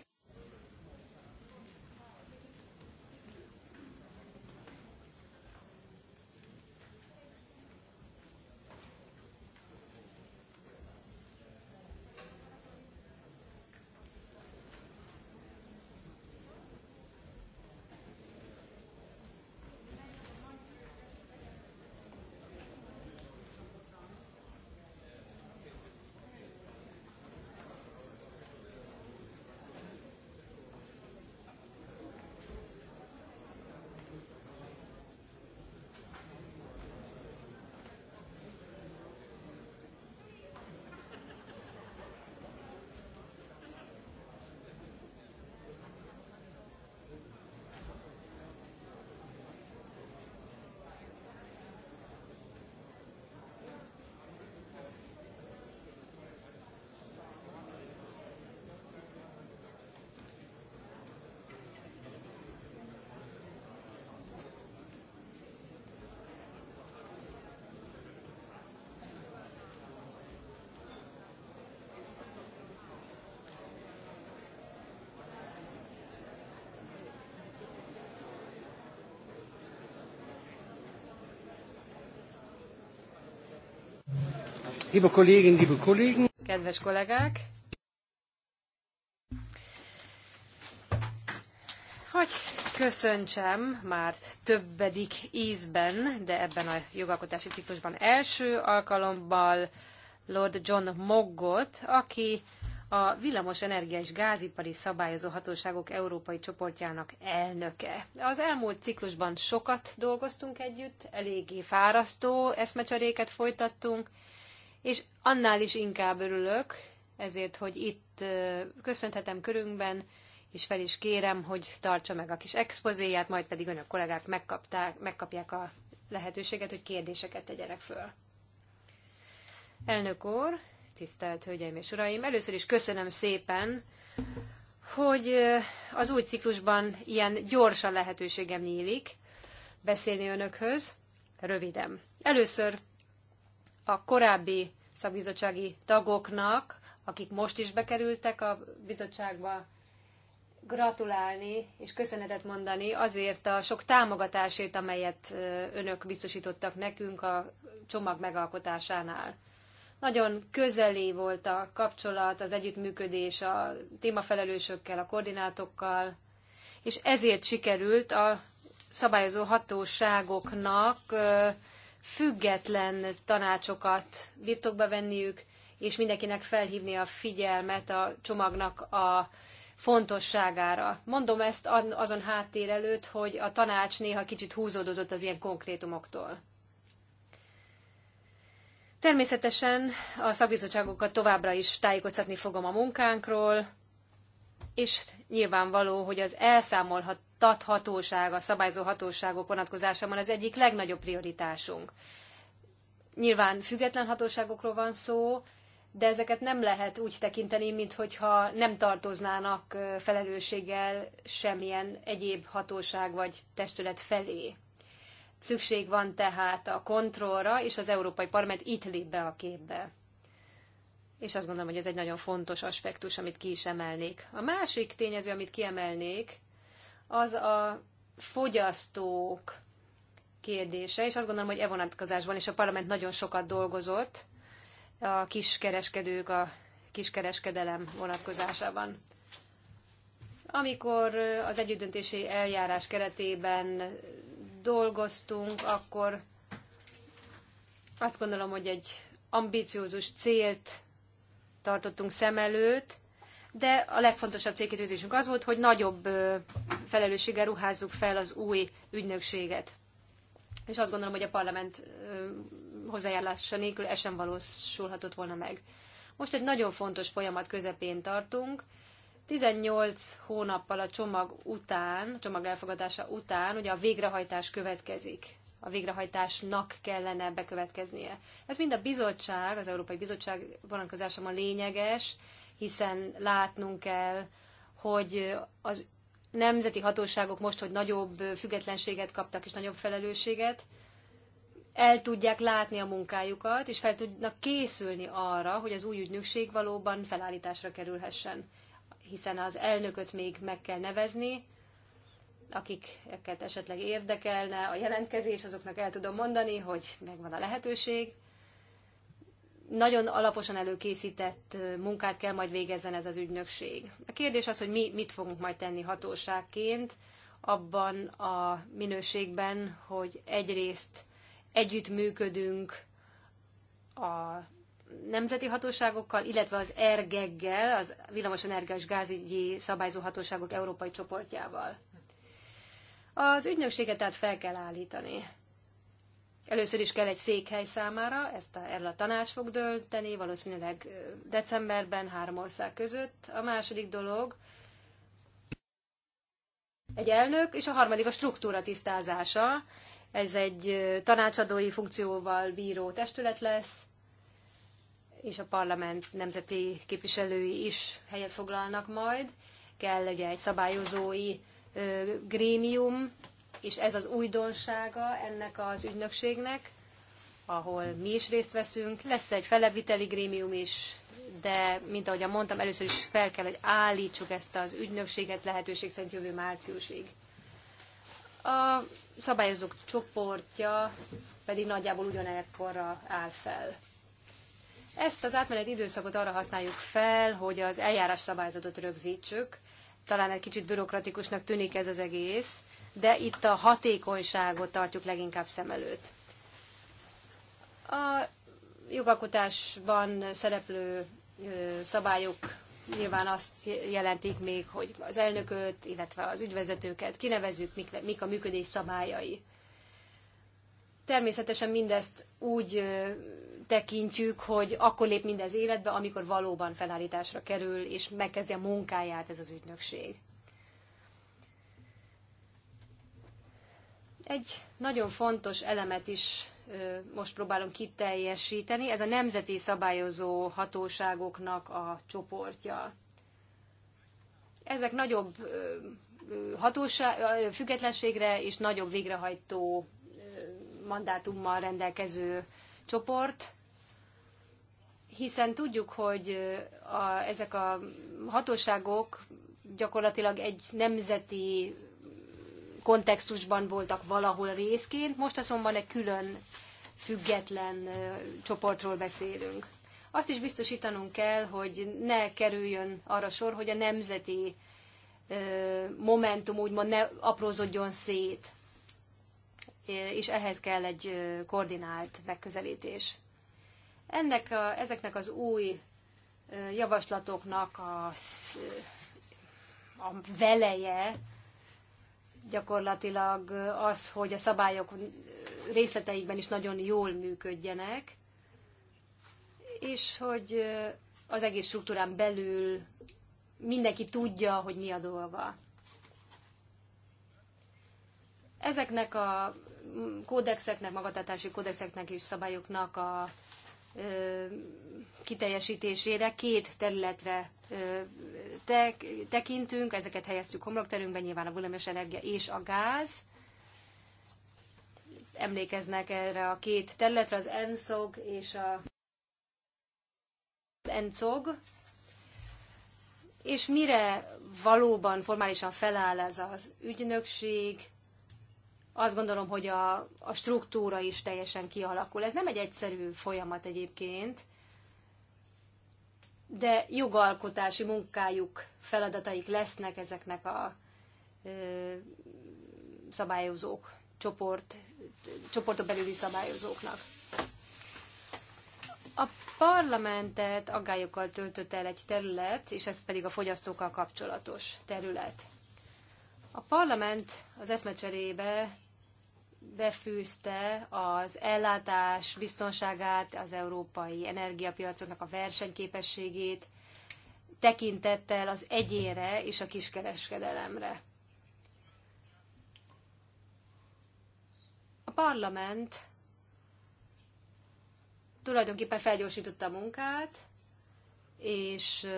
Liebe Kolleginnen, liebe Kollegen. Kedves kollégák! Hogy köszöntsem már többedik ízben, de ebben a jogalkotási ciklusban első alkalommal Lord John Moggot, aki a villamos energia és gázipari szabályozó hatóságok európai csoportjának elnöke. Az elmúlt ciklusban sokat dolgoztunk együtt, eléggé fárasztó eszmecseréket folytattunk, és annál is inkább örülök, ezért, hogy itt köszönhetem körünkben, és fel is kérem, hogy tartsa meg a kis expozéját, majd pedig önök kollégák megkapták, megkapják a lehetőséget, hogy kérdéseket tegyenek föl. Elnök úr, tisztelt Hölgyeim és Uraim, először is köszönöm szépen, hogy az új ciklusban ilyen gyorsan lehetőségem nyílik beszélni önökhöz, röviden. Először a korábbi szakbizottsági tagoknak, akik most is bekerültek a bizottságba, gratulálni és köszönetet mondani azért a sok támogatásért, amelyet önök biztosítottak nekünk a csomag megalkotásánál. Nagyon közeli volt a kapcsolat, az együttműködés a témafelelősökkel, a koordinátokkal, és ezért sikerült a szabályozó hatóságoknak független tanácsokat birtokba venniük, és mindenkinek felhívni a figyelmet a csomagnak a fontosságára. Mondom ezt azon háttér előtt, hogy a tanács néha kicsit húzódozott az ilyen konkrétumoktól. Természetesen a szakbizottságokat továbbra is tájékoztatni fogom a munkánkról, és nyilvánvaló, hogy az elszámolhat tathatóság, a szabályzó hatóságok vonatkozásában az egyik legnagyobb prioritásunk. Nyilván független hatóságokról van szó, de ezeket nem lehet úgy tekinteni, mintha nem tartoznának felelősséggel semmilyen egyéb hatóság vagy testület felé. Szükség van tehát a kontrollra, és az Európai Parlament itt lép be a képbe. És azt gondolom, hogy ez egy nagyon fontos aspektus, amit ki is emelnék. A másik tényező, amit kiemelnék, az a fogyasztók kérdése, és azt gondolom, hogy e vonatkozásban is a parlament nagyon sokat dolgozott a kiskereskedők, a kiskereskedelem vonatkozásában. Amikor az együttdöntési eljárás keretében dolgoztunk, akkor azt gondolom, hogy egy ambiciózus célt tartottunk szem előtt, de a legfontosabb célkitűzésünk az volt, hogy nagyobb felelősséggel ruházzuk fel az új ügynökséget. És azt gondolom, hogy a parlament hozzájárlása nélkül ez sem valósulhatott volna meg. Most egy nagyon fontos folyamat közepén tartunk. 18 hónappal a csomag után, a csomag elfogadása után, ugye a végrehajtás következik a végrehajtásnak kellene bekövetkeznie. Ez mind a bizottság, az Európai Bizottság vonatkozásában lényeges, hiszen látnunk kell, hogy az nemzeti hatóságok most, hogy nagyobb függetlenséget kaptak és nagyobb felelősséget, el tudják látni a munkájukat, és fel tudnak készülni arra, hogy az új ügynökség valóban felállításra kerülhessen. Hiszen az elnököt még meg kell nevezni, akiket esetleg érdekelne a jelentkezés, azoknak el tudom mondani, hogy megvan a lehetőség, nagyon alaposan előkészített munkát kell majd végezzen ez az ügynökség. A kérdés az, hogy mi mit fogunk majd tenni hatóságként abban a minőségben, hogy egyrészt együttműködünk a nemzeti hatóságokkal, illetve az ERGEG-gel, az villamos és gázügyi szabályzó hatóságok európai csoportjával. Az ügynökséget tehát fel kell állítani. Először is kell egy székhely számára, ezt a, erről a tanács fog dönteni, valószínűleg decemberben három ország között. A második dolog egy elnök, és a harmadik a struktúra tisztázása. Ez egy tanácsadói funkcióval bíró testület lesz, és a parlament nemzeti képviselői is helyet foglalnak majd. Kell ugye egy szabályozói grémium, és ez az újdonsága ennek az ügynökségnek, ahol mi is részt veszünk. Lesz egy feleviteli grémium is, de mint ahogy mondtam, először is fel kell, hogy állítsuk ezt az ügynökséget lehetőség szerint jövő márciusig. A szabályozók csoportja pedig nagyjából ugyanekkorra áll fel. Ezt az átmeneti időszakot arra használjuk fel, hogy az eljárás szabályzatot rögzítsük. Talán egy kicsit bürokratikusnak tűnik ez az egész, de itt a hatékonyságot tartjuk leginkább szem előtt. A jogalkotásban szereplő szabályok nyilván azt jelentik még, hogy az elnököt, illetve az ügyvezetőket kinevezzük, mik, a működés szabályai. Természetesen mindezt úgy tekintjük, hogy akkor lép mindez életbe, amikor valóban felállításra kerül, és megkezdi a munkáját ez az ügynökség. Egy nagyon fontos elemet is most próbálunk kiteljesíteni, ez a nemzeti szabályozó hatóságoknak a csoportja. Ezek nagyobb hatóság, függetlenségre és nagyobb végrehajtó mandátummal rendelkező csoport, hiszen tudjuk, hogy a, ezek a hatóságok gyakorlatilag egy nemzeti kontextusban voltak valahol részként, most azonban egy külön független csoportról beszélünk. Azt is biztosítanunk kell, hogy ne kerüljön arra sor, hogy a nemzeti momentum úgymond ne aprózódjon szét, és ehhez kell egy koordinált megközelítés. Ennek a, ezeknek az új javaslatoknak a, a veleje gyakorlatilag az, hogy a szabályok részleteikben is nagyon jól működjenek, és hogy az egész struktúrán belül mindenki tudja, hogy mi a dolga. Ezeknek a kódexeknek, magatartási kódexeknek és szabályoknak a kiteljesítésére két területre tekintünk, ezeket helyeztük homlokterünkben, nyilván a villamos energia és a gáz. Emlékeznek erre a két területre, az ENSZOG és a ENCOG. És mire valóban formálisan feláll ez az ügynökség, azt gondolom, hogy a, a struktúra is teljesen kialakul. Ez nem egy egyszerű folyamat egyébként, de jogalkotási munkájuk, feladataik lesznek ezeknek a ö, szabályozók, csoport, csoportok belüli szabályozóknak. A parlamentet aggályokkal töltött el egy terület, és ez pedig a fogyasztókkal kapcsolatos terület. A parlament az eszmecserébe befűzte az ellátás biztonságát, az európai energiapiacoknak a versenyképességét, tekintettel az egyére és a kiskereskedelemre. A parlament tulajdonképpen felgyorsította a munkát, és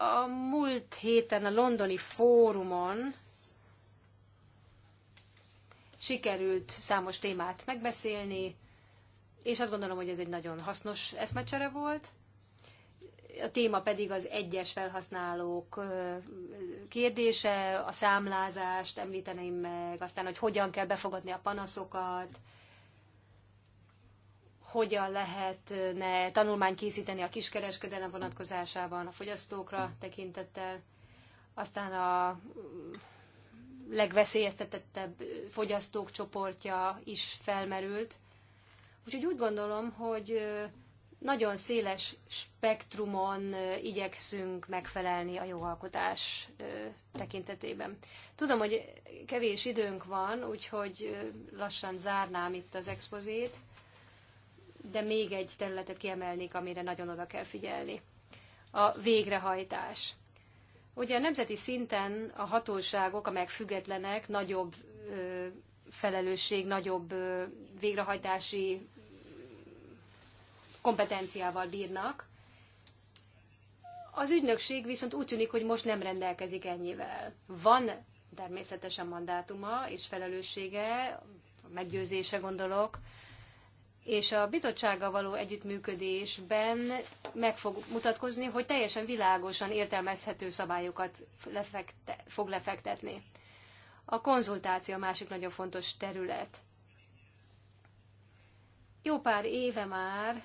a múlt héten a londoni fórumon sikerült számos témát megbeszélni, és azt gondolom, hogy ez egy nagyon hasznos eszmecsere volt. A téma pedig az egyes felhasználók kérdése, a számlázást említeném meg, aztán, hogy hogyan kell befogadni a panaszokat, hogyan lehetne tanulmányt készíteni a kiskereskedelem vonatkozásában a fogyasztókra tekintettel, aztán a legveszélyeztetettebb fogyasztók csoportja is felmerült. Úgyhogy úgy gondolom, hogy nagyon széles spektrumon igyekszünk megfelelni a jogalkotás tekintetében. Tudom, hogy kevés időnk van, úgyhogy lassan zárnám itt az expozét de még egy területet kiemelnék, amire nagyon oda kell figyelni. A végrehajtás. Ugye a nemzeti szinten a hatóságok, amelyek függetlenek, nagyobb ö, felelősség, nagyobb ö, végrehajtási kompetenciával bírnak. Az ügynökség viszont úgy tűnik, hogy most nem rendelkezik ennyivel. Van természetesen mandátuma és felelőssége, meggyőzése gondolok, és a bizottsággal való együttműködésben meg fog mutatkozni, hogy teljesen világosan értelmezhető szabályokat lefekte, fog lefektetni. A konzultáció a másik nagyon fontos terület. Jó pár éve már,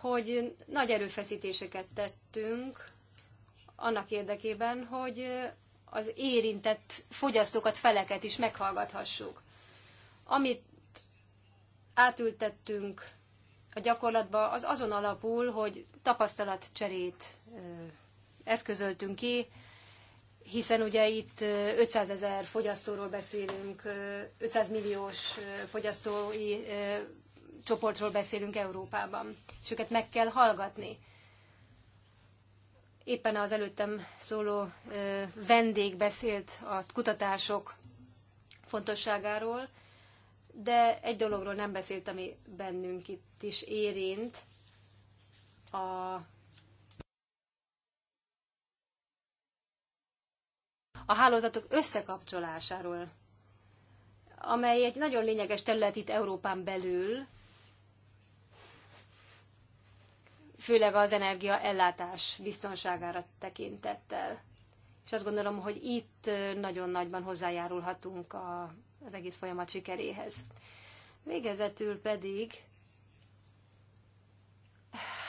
hogy nagy erőfeszítéseket tettünk annak érdekében, hogy az érintett fogyasztókat, feleket is meghallgathassuk. Amit átültettünk a gyakorlatba, az azon alapul, hogy tapasztalatcserét eszközöltünk ki, hiszen ugye itt 500 ezer fogyasztóról beszélünk, 500 milliós fogyasztói csoportról beszélünk Európában, és őket meg kell hallgatni. Éppen az előttem szóló vendég beszélt a kutatások fontosságáról, de egy dologról nem beszélt, ami bennünk itt is érint, a a hálózatok összekapcsolásáról, amely egy nagyon lényeges terület itt Európán belül, főleg az energia ellátás biztonságára tekintettel. És azt gondolom, hogy itt nagyon nagyban hozzájárulhatunk a az egész folyamat sikeréhez. Végezetül pedig,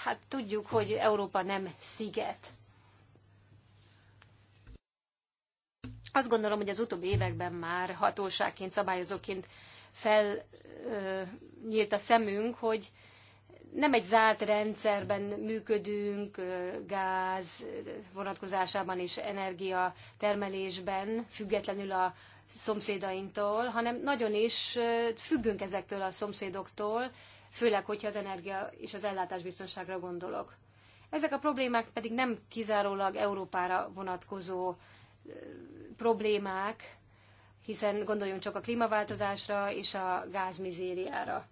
hát tudjuk, hogy Európa nem sziget. Azt gondolom, hogy az utóbbi években már hatóságként, szabályozóként felnyílt a szemünk, hogy nem egy zárt rendszerben működünk, gáz vonatkozásában és energia termelésben, függetlenül a szomszédainktól, hanem nagyon is függünk ezektől a szomszédoktól, főleg, hogyha az energia és az ellátásbiztonságra gondolok. Ezek a problémák pedig nem kizárólag Európára vonatkozó problémák, hiszen gondoljunk csak a klímaváltozásra és a gázmizériára.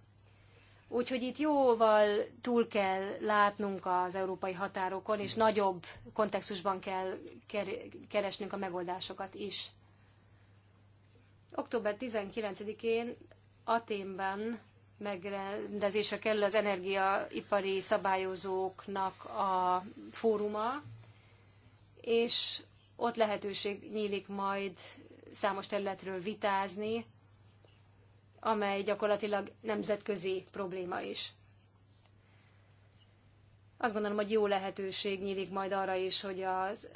Úgyhogy itt jóval túl kell látnunk az európai határokon, és nagyobb kontextusban kell keresnünk a megoldásokat is. Október 19-én Aténben megrendezésre kerül az energiaipari szabályozóknak a fóruma, és ott lehetőség nyílik majd számos területről vitázni, amely gyakorlatilag nemzetközi probléma is. Azt gondolom, hogy jó lehetőség nyílik majd arra is, hogy az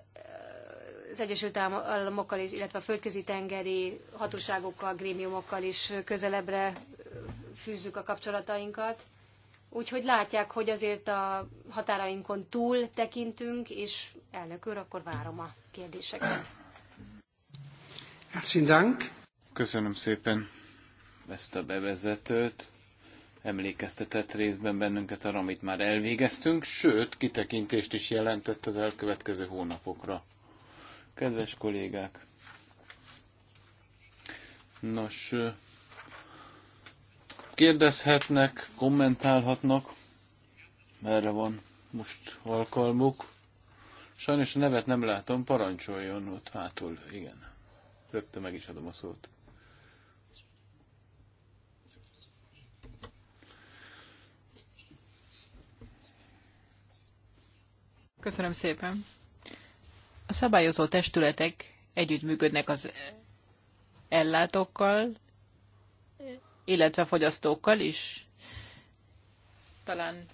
az Egyesült Államokkal, illetve a földközi tengeri hatóságokkal, grémiumokkal is közelebbre fűzzük a kapcsolatainkat. Úgyhogy látják, hogy azért a határainkon túl tekintünk, és elnök úr, akkor várom a kérdéseket. Köszönöm szépen ezt a bevezetőt. Emlékeztetett részben bennünket arra, amit már elvégeztünk, sőt, kitekintést is jelentett az elkövetkező hónapokra. Kedves kollégák! Nos, kérdezhetnek, kommentálhatnak, merre van most alkalmuk. Sajnos a nevet nem látom, parancsoljon ott hátul, igen. Rögtön meg is adom a szót. Köszönöm szépen. A szabályozó testületek együttműködnek az ellátókkal, illetve fogyasztókkal is. Talán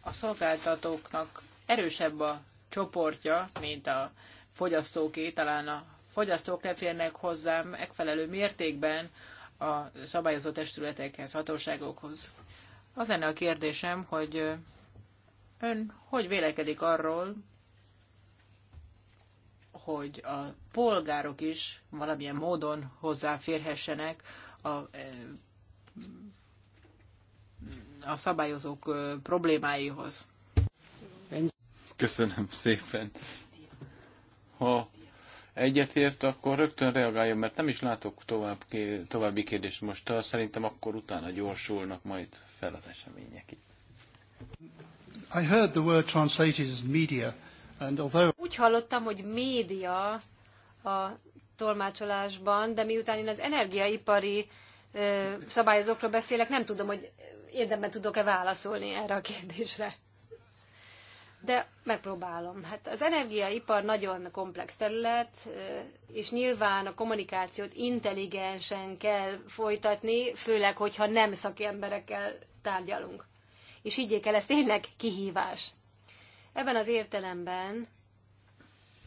a szolgáltatóknak erősebb a csoportja, mint a fogyasztóké, talán a fogyasztók ne férnek hozzám, megfelelő mértékben a szabályozó testületekhez, hatóságokhoz. Az lenne a kérdésem, hogy ön hogy vélekedik arról, hogy a polgárok is valamilyen módon hozzáférhessenek a, eh, a szabályozók eh, problémáihoz. Köszönöm szépen. Ha egyetért, akkor rögtön reagáljon, mert nem is látok tovább, további kérdést most. Szerintem akkor utána gyorsulnak majd fel az események. I heard the word translated as media. Úgy hallottam, hogy média a tolmácsolásban, de miután én az energiaipari ö, szabályozókról beszélek, nem tudom, hogy érdemben tudok-e válaszolni erre a kérdésre. De megpróbálom. Hát az energiaipar nagyon komplex terület, és nyilván a kommunikációt intelligensen kell folytatni, főleg, hogyha nem szakemberekkel tárgyalunk. És higgyék el, ez tényleg kihívás. Ebben az értelemben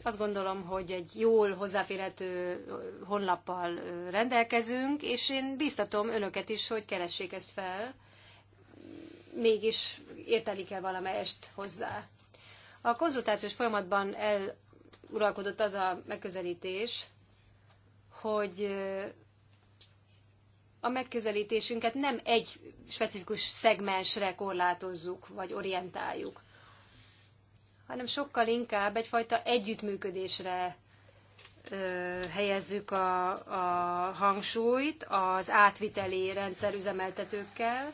azt gondolom, hogy egy jól hozzáférhető honlappal rendelkezünk, és én biztatom önöket is, hogy keressék ezt fel, mégis érteni kell valamelyest hozzá. A konzultációs folyamatban eluralkodott az a megközelítés, hogy a megközelítésünket nem egy specifikus szegmensre korlátozzuk, vagy orientáljuk hanem sokkal inkább egyfajta együttműködésre ö, helyezzük a, a hangsúlyt az átviteli rendszerüzemeltetőkkel.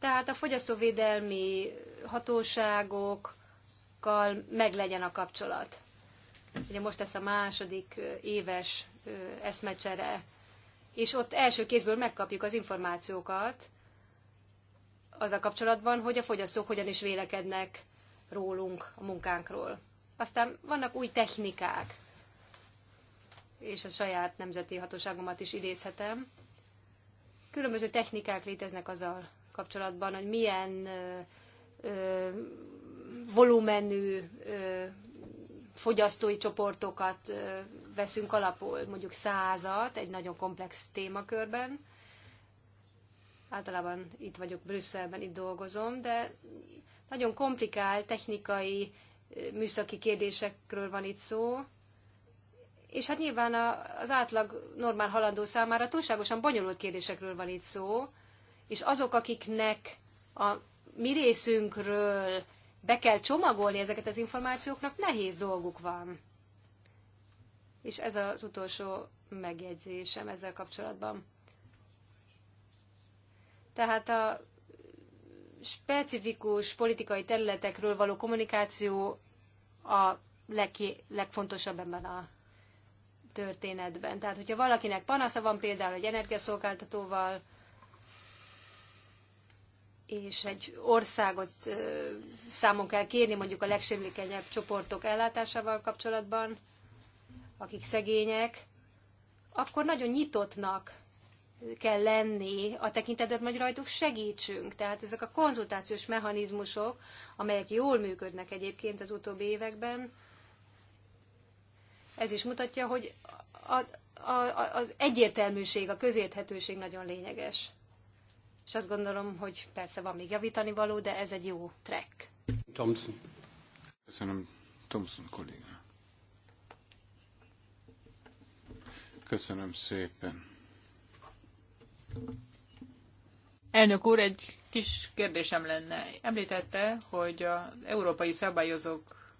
Tehát a fogyasztóvédelmi hatóságokkal meglegyen a kapcsolat. Ugye most ez a második éves eszmecsere, és ott első kézből megkapjuk az információkat az a kapcsolatban, hogy a fogyasztók hogyan is vélekednek rólunk, a munkánkról. Aztán vannak új technikák, és a saját nemzeti hatóságomat is idézhetem. Különböző technikák léteznek azzal kapcsolatban, hogy milyen ö, ö, volumenű ö, fogyasztói csoportokat ö, veszünk alapul, mondjuk százat egy nagyon komplex témakörben. Általában itt vagyok Brüsszelben, itt dolgozom, de nagyon komplikált technikai műszaki kérdésekről van itt szó, és hát nyilván az átlag normál haladó számára túlságosan bonyolult kérdésekről van itt szó, és azok, akiknek a mi részünkről be kell csomagolni ezeket az információknak, nehéz dolguk van. És ez az utolsó megjegyzésem ezzel kapcsolatban. Tehát a specifikus politikai területekről való kommunikáció a legki, legfontosabb ebben a történetben. Tehát, hogyha valakinek panasza van például egy energiaszolgáltatóval, és egy országot számon kell kérni mondjuk a legsérülékenyebb csoportok ellátásával kapcsolatban, akik szegények, akkor nagyon nyitottnak kell lenni a tekintetben, hogy rajtuk segítsünk. Tehát ezek a konzultációs mechanizmusok, amelyek jól működnek egyébként az utóbbi években, ez is mutatja, hogy a, a, az egyértelműség, a közérthetőség nagyon lényeges. És azt gondolom, hogy persze van még javítani való, de ez egy jó track. Thompson. Köszönöm, Thompson kolléga. Köszönöm szépen. Elnök úr, egy kis kérdésem lenne. Említette, hogy az európai szabályozók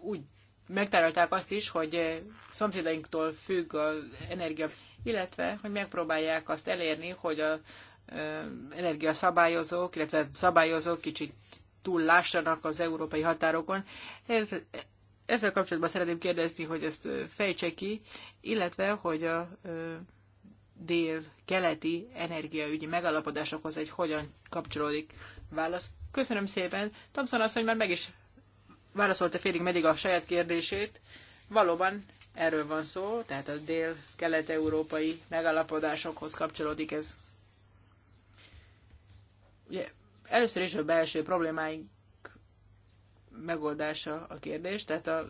úgy megtalálták azt is, hogy szomszédainktól függ az energia, illetve hogy megpróbálják azt elérni, hogy az energiaszabályozók, illetve szabályozók kicsit túl lássanak az európai határokon. Ez, ezzel kapcsolatban szeretném kérdezni, hogy ezt fejtse ki, illetve, hogy a dél-keleti energiaügyi megalapodásokhoz egy hogyan kapcsolódik válasz. Köszönöm szépen. Thompson hogy már meg is válaszolta félig meddig a saját kérdését. Valóban erről van szó, tehát a dél-kelet-európai megalapodásokhoz kapcsolódik ez. Ugye, először is a belső problémáink megoldása a kérdés, tehát a, a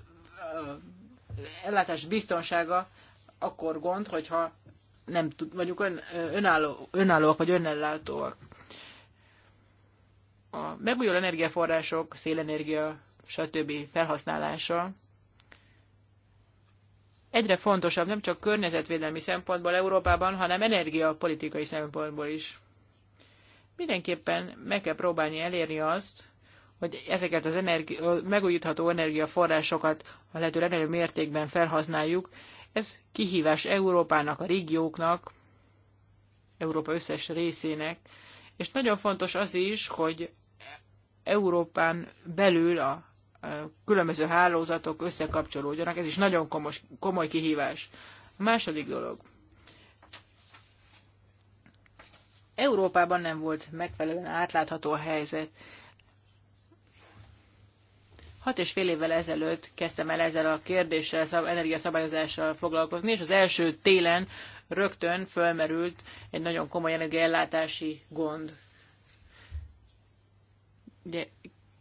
ellátás biztonsága akkor gond, hogyha nem tud, mondjuk ön, önálló, önállóak vagy önellátóak. A megújuló energiaforrások, szélenergia, stb. felhasználása egyre fontosabb nem csak környezetvédelmi szempontból Európában, hanem energiapolitikai szempontból is. Mindenképpen meg kell próbálni elérni azt, hogy ezeket az energi- megújítható energiaforrásokat a lehető legnagyobb mértékben felhasználjuk. Ez kihívás Európának, a régióknak, Európa összes részének, és nagyon fontos az is, hogy Európán belül a különböző hálózatok összekapcsolódjanak. Ez is nagyon komos, komoly kihívás. A második dolog. Európában nem volt megfelelően átlátható a helyzet. Hat és fél évvel ezelőtt kezdtem el ezzel a kérdéssel, az energiaszabályozással foglalkozni, és az első télen rögtön fölmerült egy nagyon komoly energiaellátási gond. Ugye,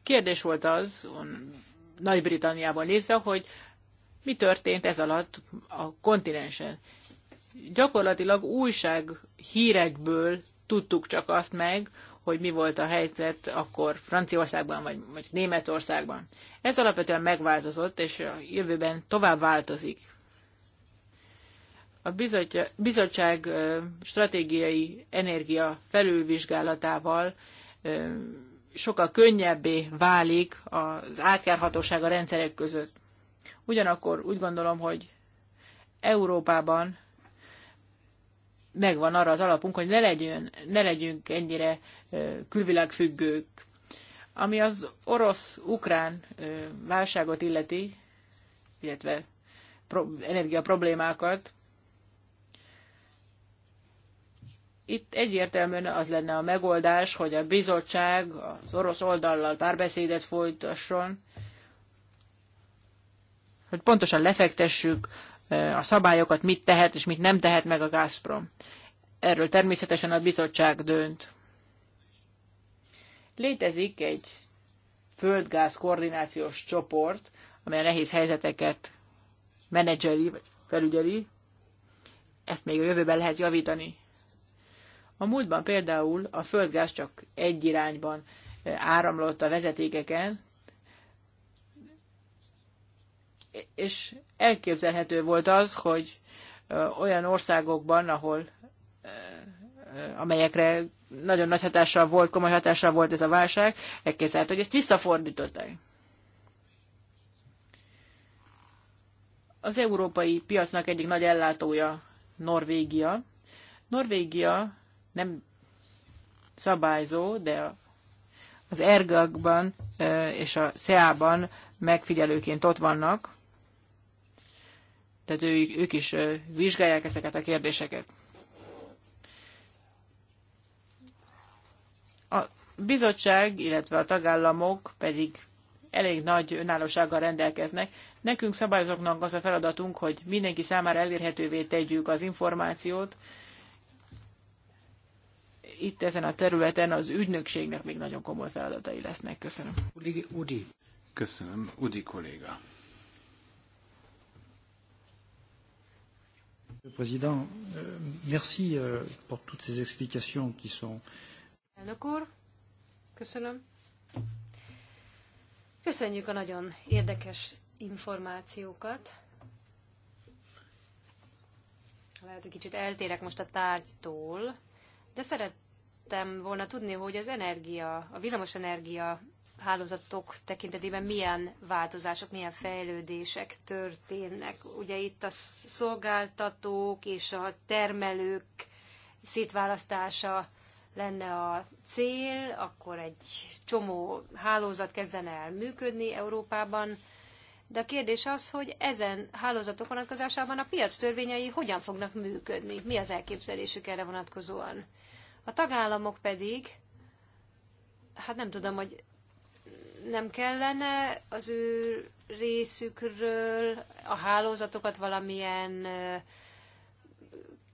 kérdés volt az, Nagy-Britanniában nézve, hogy mi történt ez alatt a kontinensen. Gyakorlatilag újság hírekből tudtuk csak azt meg, hogy mi volt a helyzet akkor Franciaországban, vagy, vagy Németországban. Ez alapvetően megváltozott, és a jövőben tovább változik. A bizottság stratégiai energia felülvizsgálatával sokkal könnyebbé válik az átjárhatóság a rendszerek között. Ugyanakkor úgy gondolom, hogy Európában megvan arra az alapunk, hogy ne, legyen, ne legyünk ennyire külvilágfüggők. Ami az orosz-ukrán válságot illeti, illetve energiaproblémákat, itt egyértelműen az lenne a megoldás, hogy a bizottság az orosz oldallal párbeszédet folytasson, hogy pontosan lefektessük a szabályokat, mit tehet és mit nem tehet meg a Gazprom. Erről természetesen a bizottság dönt. Létezik egy földgáz koordinációs csoport, amely a nehéz helyzeteket menedzseli, vagy felügyeli. Ezt még a jövőben lehet javítani. A múltban például a földgáz csak egy irányban e, áramlott a vezetékeken, és elképzelhető volt az, hogy e, olyan országokban, ahol e, amelyekre nagyon nagy hatással volt, komoly hatással volt ez a válság, elképzelhető, hogy ezt visszafordították. Az európai piacnak egyik nagy ellátója Norvégia. Norvégia nem szabályzó, de az Ergagban és a SEA-ban megfigyelőként ott vannak, tehát ő, ők is vizsgálják ezeket a kérdéseket. A bizottság, illetve a tagállamok pedig elég nagy önállósággal rendelkeznek. Nekünk szabályozóknak az a feladatunk, hogy mindenki számára elérhetővé tegyük az információt. Itt ezen a területen az ügynökségnek még nagyon komoly feladatai lesznek. Köszönöm. Udi. Udi. Köszönöm, Udi kolléga. Président, euh, merci euh, pour toutes ces explications qui sont Elnök úr, köszönöm. Köszönjük a nagyon érdekes információkat. Lehet, hogy kicsit eltérek most a tárgytól, de szerettem volna tudni, hogy az energia, a villamosenergia hálózatok tekintetében milyen változások, milyen fejlődések történnek. Ugye itt a szolgáltatók és a termelők szétválasztása lenne a cél, akkor egy csomó hálózat kezdene el működni Európában, de a kérdés az, hogy ezen hálózatok vonatkozásában a piac törvényei hogyan fognak működni, mi az elképzelésük erre vonatkozóan. A tagállamok pedig, hát nem tudom, hogy nem kellene az ő részükről a hálózatokat valamilyen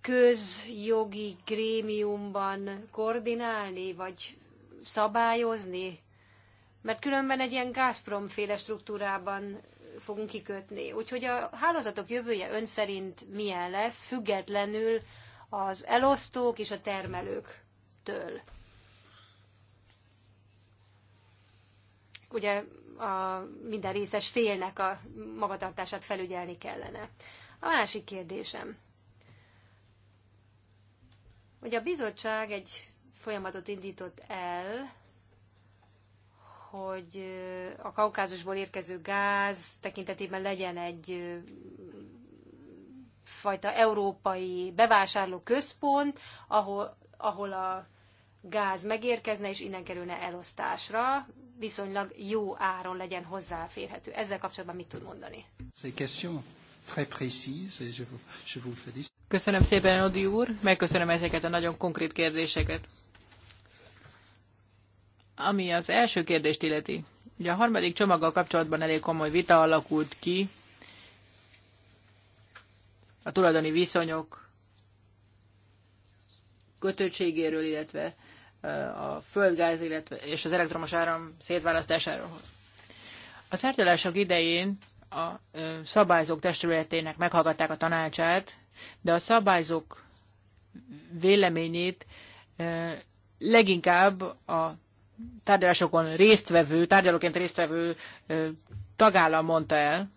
közjogi grémiumban koordinálni, vagy szabályozni? Mert különben egy ilyen Gazprom féle struktúrában fogunk kikötni. Úgyhogy a hálózatok jövője ön szerint milyen lesz, függetlenül az elosztók és a termelőktől? Ugye a minden részes félnek a magatartását felügyelni kellene. A másik kérdésem hogy a bizottság egy folyamatot indított el, hogy a kaukázusból érkező gáz tekintetében legyen egy fajta európai bevásárló központ, ahol, ahol a gáz megérkezne, és innen kerülne elosztásra, viszonylag jó áron legyen hozzáférhető. Ezzel kapcsolatban mit tud mondani? très précises et je vous, je vous félicite. Köszönöm szépen, Odi úr, megköszönöm ezeket a nagyon konkrét kérdéseket. Ami az első kérdést illeti, ugye a harmadik csomaggal kapcsolatban elég komoly vita alakult ki, a tulajdoni viszonyok kötöttségéről, illetve a földgáz illetve, és az elektromos áram szétválasztásáról. A tárgyalások idején a szabályzók testületének meghallgatták a tanácsát, de a szabályzók véleményét leginkább a tárgyalásokon résztvevő, tárgyalóként résztvevő tagállam mondta el.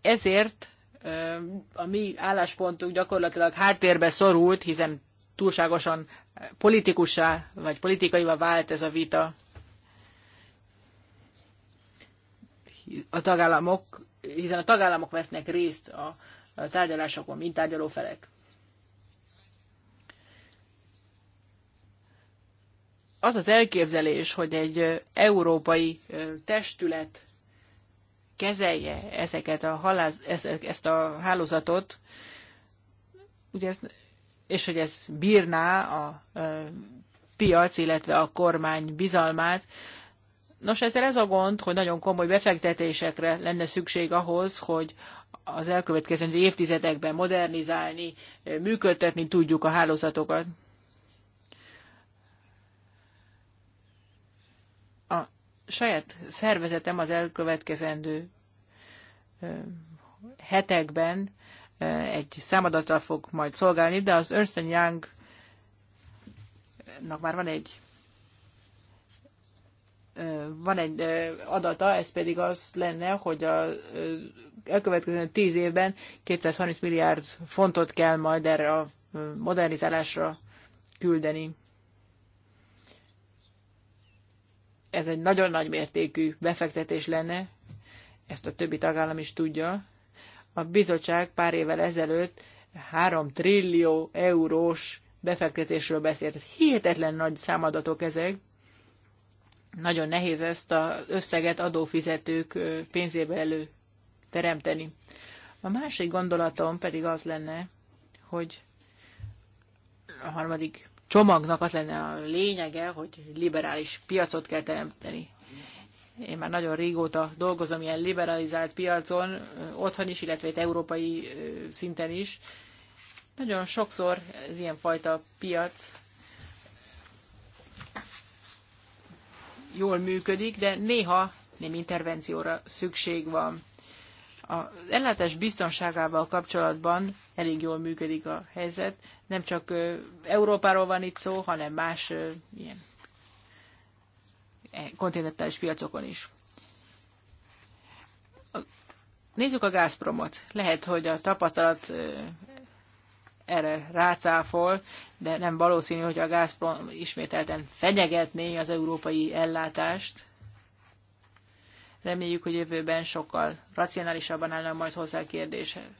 Ezért a mi álláspontunk gyakorlatilag háttérbe szorult, hiszen túlságosan politikussá vagy politikaival vált ez a vita. a tagállamok, hiszen a tagállamok vesznek részt a tárgyalásokon, mint tárgyaló felek. Az az elképzelés, hogy egy európai testület kezelje ezeket a haláz, ezt a hálózatot, ugye ez, és hogy ez bírná a piac, illetve a kormány bizalmát, Nos, ezzel ez a gond, hogy nagyon komoly befektetésekre lenne szükség ahhoz, hogy az elkövetkezendő évtizedekben modernizálni, eh, működtetni tudjuk a hálózatokat. A saját szervezetem az elkövetkezendő eh, hetekben eh, egy számadattal fog majd szolgálni, de az Ernst Young-nak már van egy van egy adata, ez pedig az lenne, hogy a elkövetkező tíz évben 230 milliárd fontot kell majd erre a modernizálásra küldeni. Ez egy nagyon nagy mértékű befektetés lenne, ezt a többi tagállam is tudja. A bizottság pár évvel ezelőtt 3 trillió eurós befektetésről beszélt. Hihetetlen nagy számadatok ezek, nagyon nehéz ezt az összeget adófizetők pénzébe elő teremteni. A másik gondolatom pedig az lenne, hogy a harmadik csomagnak az lenne a lényege, hogy liberális piacot kell teremteni. Én már nagyon régóta dolgozom ilyen liberalizált piacon, otthon is, illetve itt európai szinten is. Nagyon sokszor az ilyenfajta piac jól működik, de néha nem intervencióra szükség van. Az ellátás biztonságával kapcsolatban elég jól működik a helyzet. Nem csak Európáról van itt szó, hanem más ilyen e, kontinentális piacokon is. Nézzük a Gazpromot. Lehet, hogy a tapasztalat erre rácáfol, de nem valószínű, hogy a Gazprom ismételten fenyegetné az európai ellátást. Reméljük, hogy jövőben sokkal racionálisabban állnak majd hozzá a kérdéshez.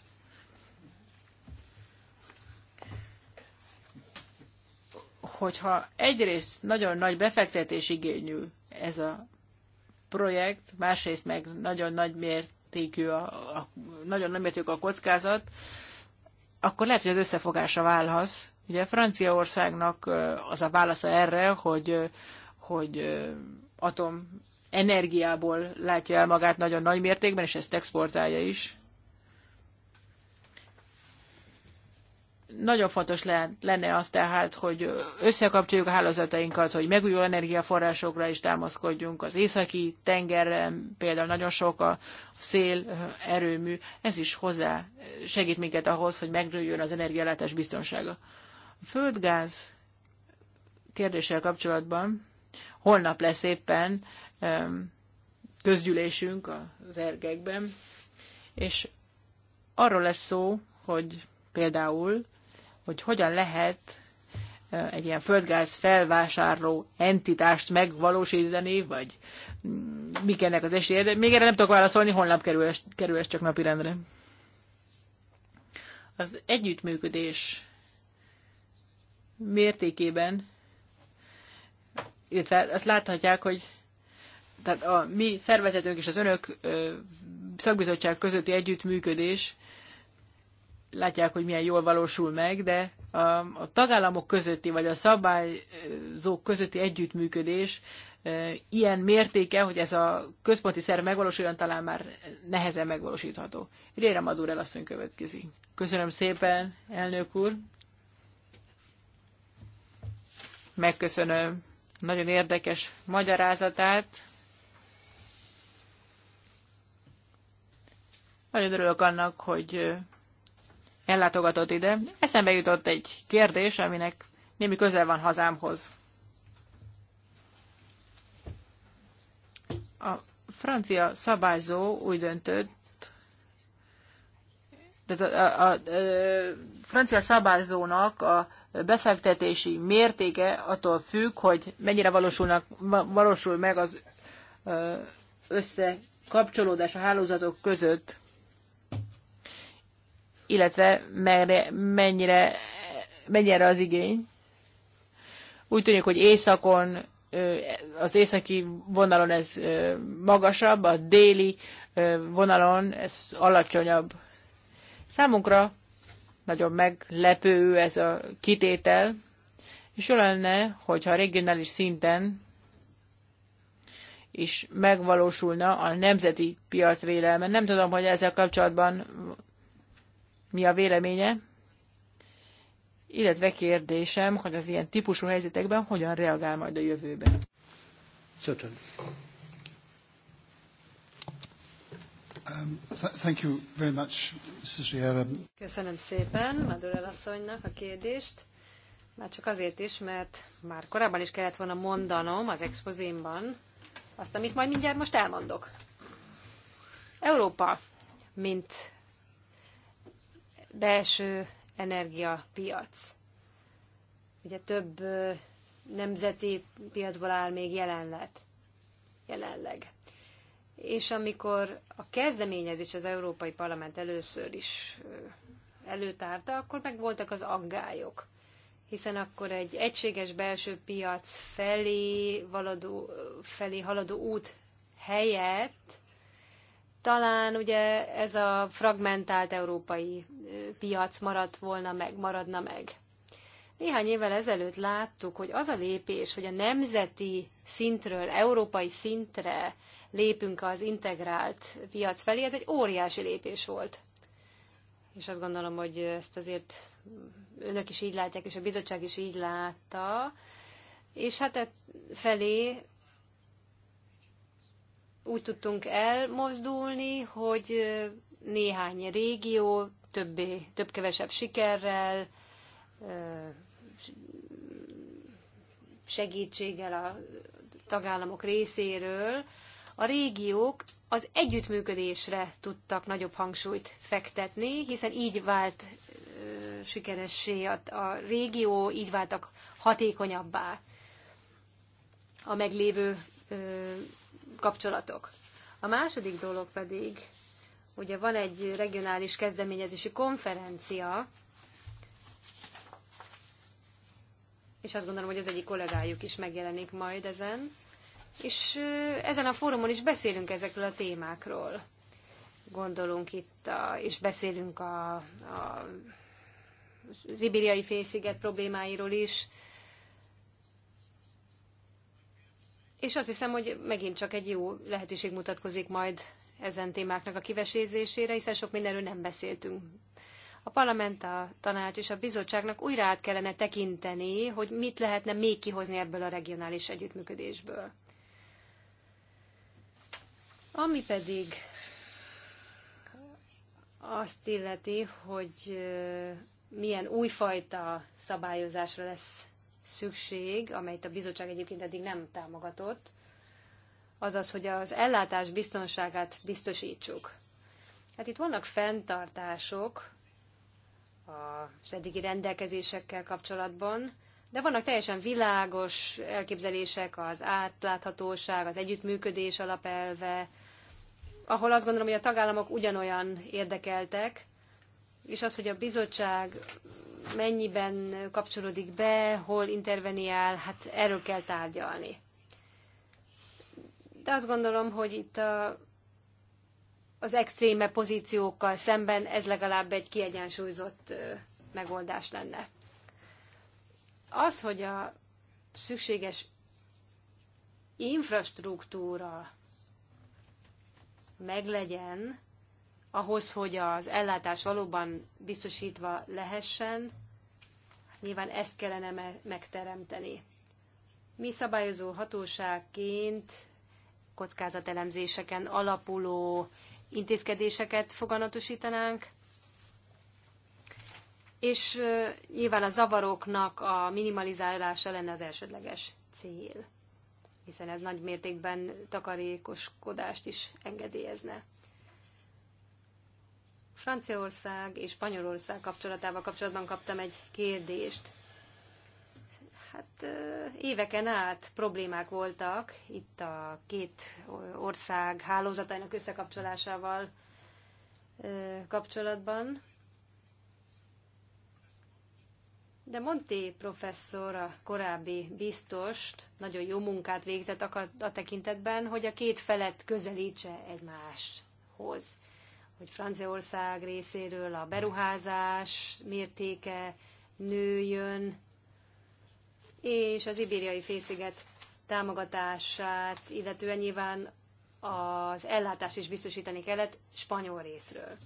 Hogyha egyrészt nagyon nagy befektetés igényű ez a projekt, másrészt meg nagyon nagy mértékű a, a, nagyon nagy mértékű a kockázat, akkor lehet, hogy az összefogása válhasz. Ugye Franciaországnak az a válasza erre, hogy, hogy atom energiából látja el magát nagyon nagy mértékben, és ezt exportálja is. Nagyon fontos lenne az tehát, hogy összekapcsoljuk a hálózatainkat, hogy megújuló energiaforrásokra is támaszkodjunk. Az északi tengeren például nagyon sok a szél erőmű. Ez is hozzá segít minket ahhoz, hogy megnőjön az energialátás biztonsága. A földgáz kérdéssel kapcsolatban holnap lesz éppen közgyűlésünk az ergekben, és arról lesz szó, hogy például hogy hogyan lehet egy ilyen földgáz felvásárló entitást megvalósítani, vagy mm, mik ennek az esélye, de még erre nem tudok válaszolni, holnap kerül ez, kerül ez csak napirendre. Az együttműködés mértékében, illetve azt láthatják, hogy tehát a mi szervezetünk és az önök szakbizottság közötti együttműködés látják, hogy milyen jól valósul meg, de a, a tagállamok közötti, vagy a szabályzók közötti együttműködés e, ilyen mértéke, hogy ez a központi szerv megvalósuljon, talán már nehezen megvalósítható. Rére Madúr elasszony következik. Köszönöm szépen, elnök úr. Megköszönöm nagyon érdekes magyarázatát. Nagyon örülök annak, hogy ellátogatott ide, eszembe jutott egy kérdés, aminek némi közel van hazámhoz. A francia szabályzó úgy döntött, de a, a, a, a francia szabályzónak a befektetési mértéke attól függ, hogy mennyire valósulnak, valósul meg az összekapcsolódás a hálózatok között illetve merre, mennyire, mennyire az igény. Úgy tűnik, hogy északon, az északi vonalon ez magasabb, a déli vonalon ez alacsonyabb. Számunkra nagyon meglepő ez a kitétel, és jó lenne, hogyha regionális szinten is megvalósulna a nemzeti piacvélelme. Nem tudom, hogy ezzel kapcsolatban mi a véleménye, illetve kérdésem, hogy az ilyen típusú helyzetekben hogyan reagál majd a jövőben. Certain. Um, th thank you very much, Mrs. Riera. Köszönöm szépen Madura asszonynak a kérdést. Már csak azért is, mert már korábban is kellett volna mondanom az expozémban azt, amit majd mindjárt most elmondok. Európa, mint belső energiapiac. Ugye több nemzeti piacból áll még jelenlet, jelenleg. És amikor a kezdeményezés az Európai Parlament először is előtárta, akkor megvoltak az aggályok hiszen akkor egy egységes belső piac felé, valadó, felé haladó út helyett talán ugye ez a fragmentált európai piac maradt volna meg, maradna meg. Néhány évvel ezelőtt láttuk, hogy az a lépés, hogy a nemzeti szintről európai szintre lépünk az integrált piac felé, ez egy óriási lépés volt. És azt gondolom, hogy ezt azért önök is így látják, és a bizottság is így látta. És hát e felé úgy tudtunk elmozdulni, hogy néhány régió többé, több-kevesebb sikerrel, segítséggel a tagállamok részéről, a régiók az együttműködésre tudtak nagyobb hangsúlyt fektetni, hiszen így vált sikeressé a, a régió, így váltak hatékonyabbá a meglévő kapcsolatok. A második dolog pedig, ugye van egy regionális kezdeményezési konferencia, és azt gondolom, hogy az egyik kollégájuk is megjelenik majd ezen, és ezen a fórumon is beszélünk ezekről a témákról. Gondolunk itt, a, és beszélünk a, a, az ibériai félsziget problémáiról is, És azt hiszem, hogy megint csak egy jó lehetőség mutatkozik majd ezen témáknak a kivesézésére, hiszen sok mindenről nem beszéltünk. A parlament, a tanács és a bizottságnak újra át kellene tekinteni, hogy mit lehetne még kihozni ebből a regionális együttműködésből. Ami pedig azt illeti, hogy milyen újfajta szabályozásra lesz szükség, amelyet a bizottság egyébként eddig nem támogatott, azaz, hogy az ellátás biztonságát biztosítsuk. Hát itt vannak fenntartások az eddigi rendelkezésekkel kapcsolatban, de vannak teljesen világos elképzelések, az átláthatóság, az együttműködés alapelve, ahol azt gondolom, hogy a tagállamok ugyanolyan érdekeltek, és az, hogy a bizottság mennyiben kapcsolódik be, hol interveniál, hát erről kell tárgyalni. De azt gondolom, hogy itt a, az extréme pozíciókkal szemben ez legalább egy kiegyensúlyozott megoldás lenne. Az, hogy a szükséges infrastruktúra meglegyen, ahhoz, hogy az ellátás valóban biztosítva lehessen, nyilván ezt kellene me- megteremteni. Mi szabályozó hatóságként kockázatelemzéseken alapuló intézkedéseket foganatosítanánk, és nyilván a zavaroknak a minimalizálása lenne az elsődleges cél, hiszen ez nagy mértékben takarékoskodást is engedélyezne. Franciaország és Spanyolország kapcsolatával kapcsolatban kaptam egy kérdést. Hát éveken át problémák voltak itt a két ország hálózatainak összekapcsolásával kapcsolatban. De Monté professzor, a korábbi biztost, nagyon jó munkát végzett a, a tekintetben, hogy a két felet közelítse egymáshoz hogy Franciaország részéről a beruházás mértéke nőjön, és az ibériai fésziget támogatását, illetően nyilván az ellátás is biztosítani kellett spanyol részről.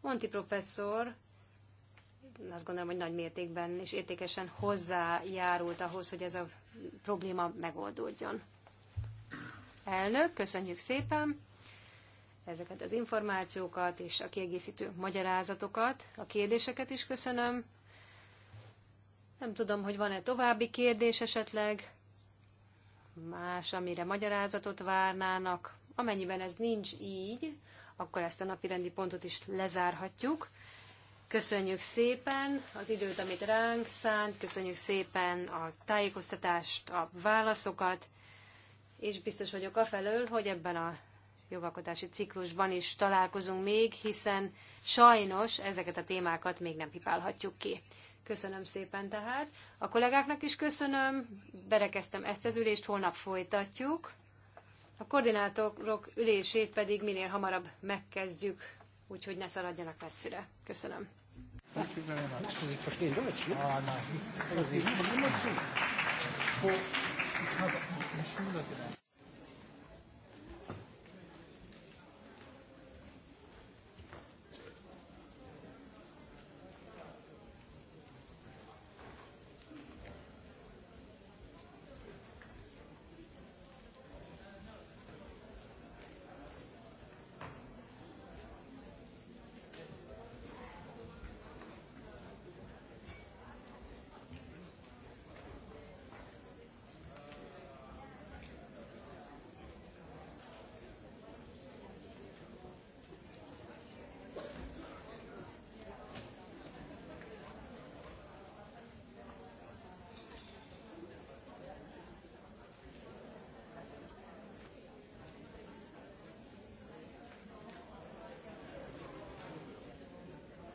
Monti professzor azt gondolom, hogy nagy mértékben és értékesen hozzájárult ahhoz, hogy ez a probléma megoldódjon. Elnök, köszönjük szépen! ezeket az információkat és a kiegészítő magyarázatokat, a kérdéseket is köszönöm. Nem tudom, hogy van-e további kérdés esetleg, más, amire magyarázatot várnának. Amennyiben ez nincs így, akkor ezt a napirendi pontot is lezárhatjuk. Köszönjük szépen az időt, amit ránk szánt, köszönjük szépen a tájékoztatást, a válaszokat, és biztos vagyok afelől, hogy ebben a jogalkotási ciklusban is találkozunk még, hiszen sajnos ezeket a témákat még nem pipálhatjuk ki. Köszönöm szépen tehát. A kollégáknak is köszönöm, berekeztem ezt az ülést, holnap folytatjuk. A koordinátorok ülését pedig minél hamarabb megkezdjük, úgyhogy ne szaladjanak messzire. Köszönöm. Thank you very much.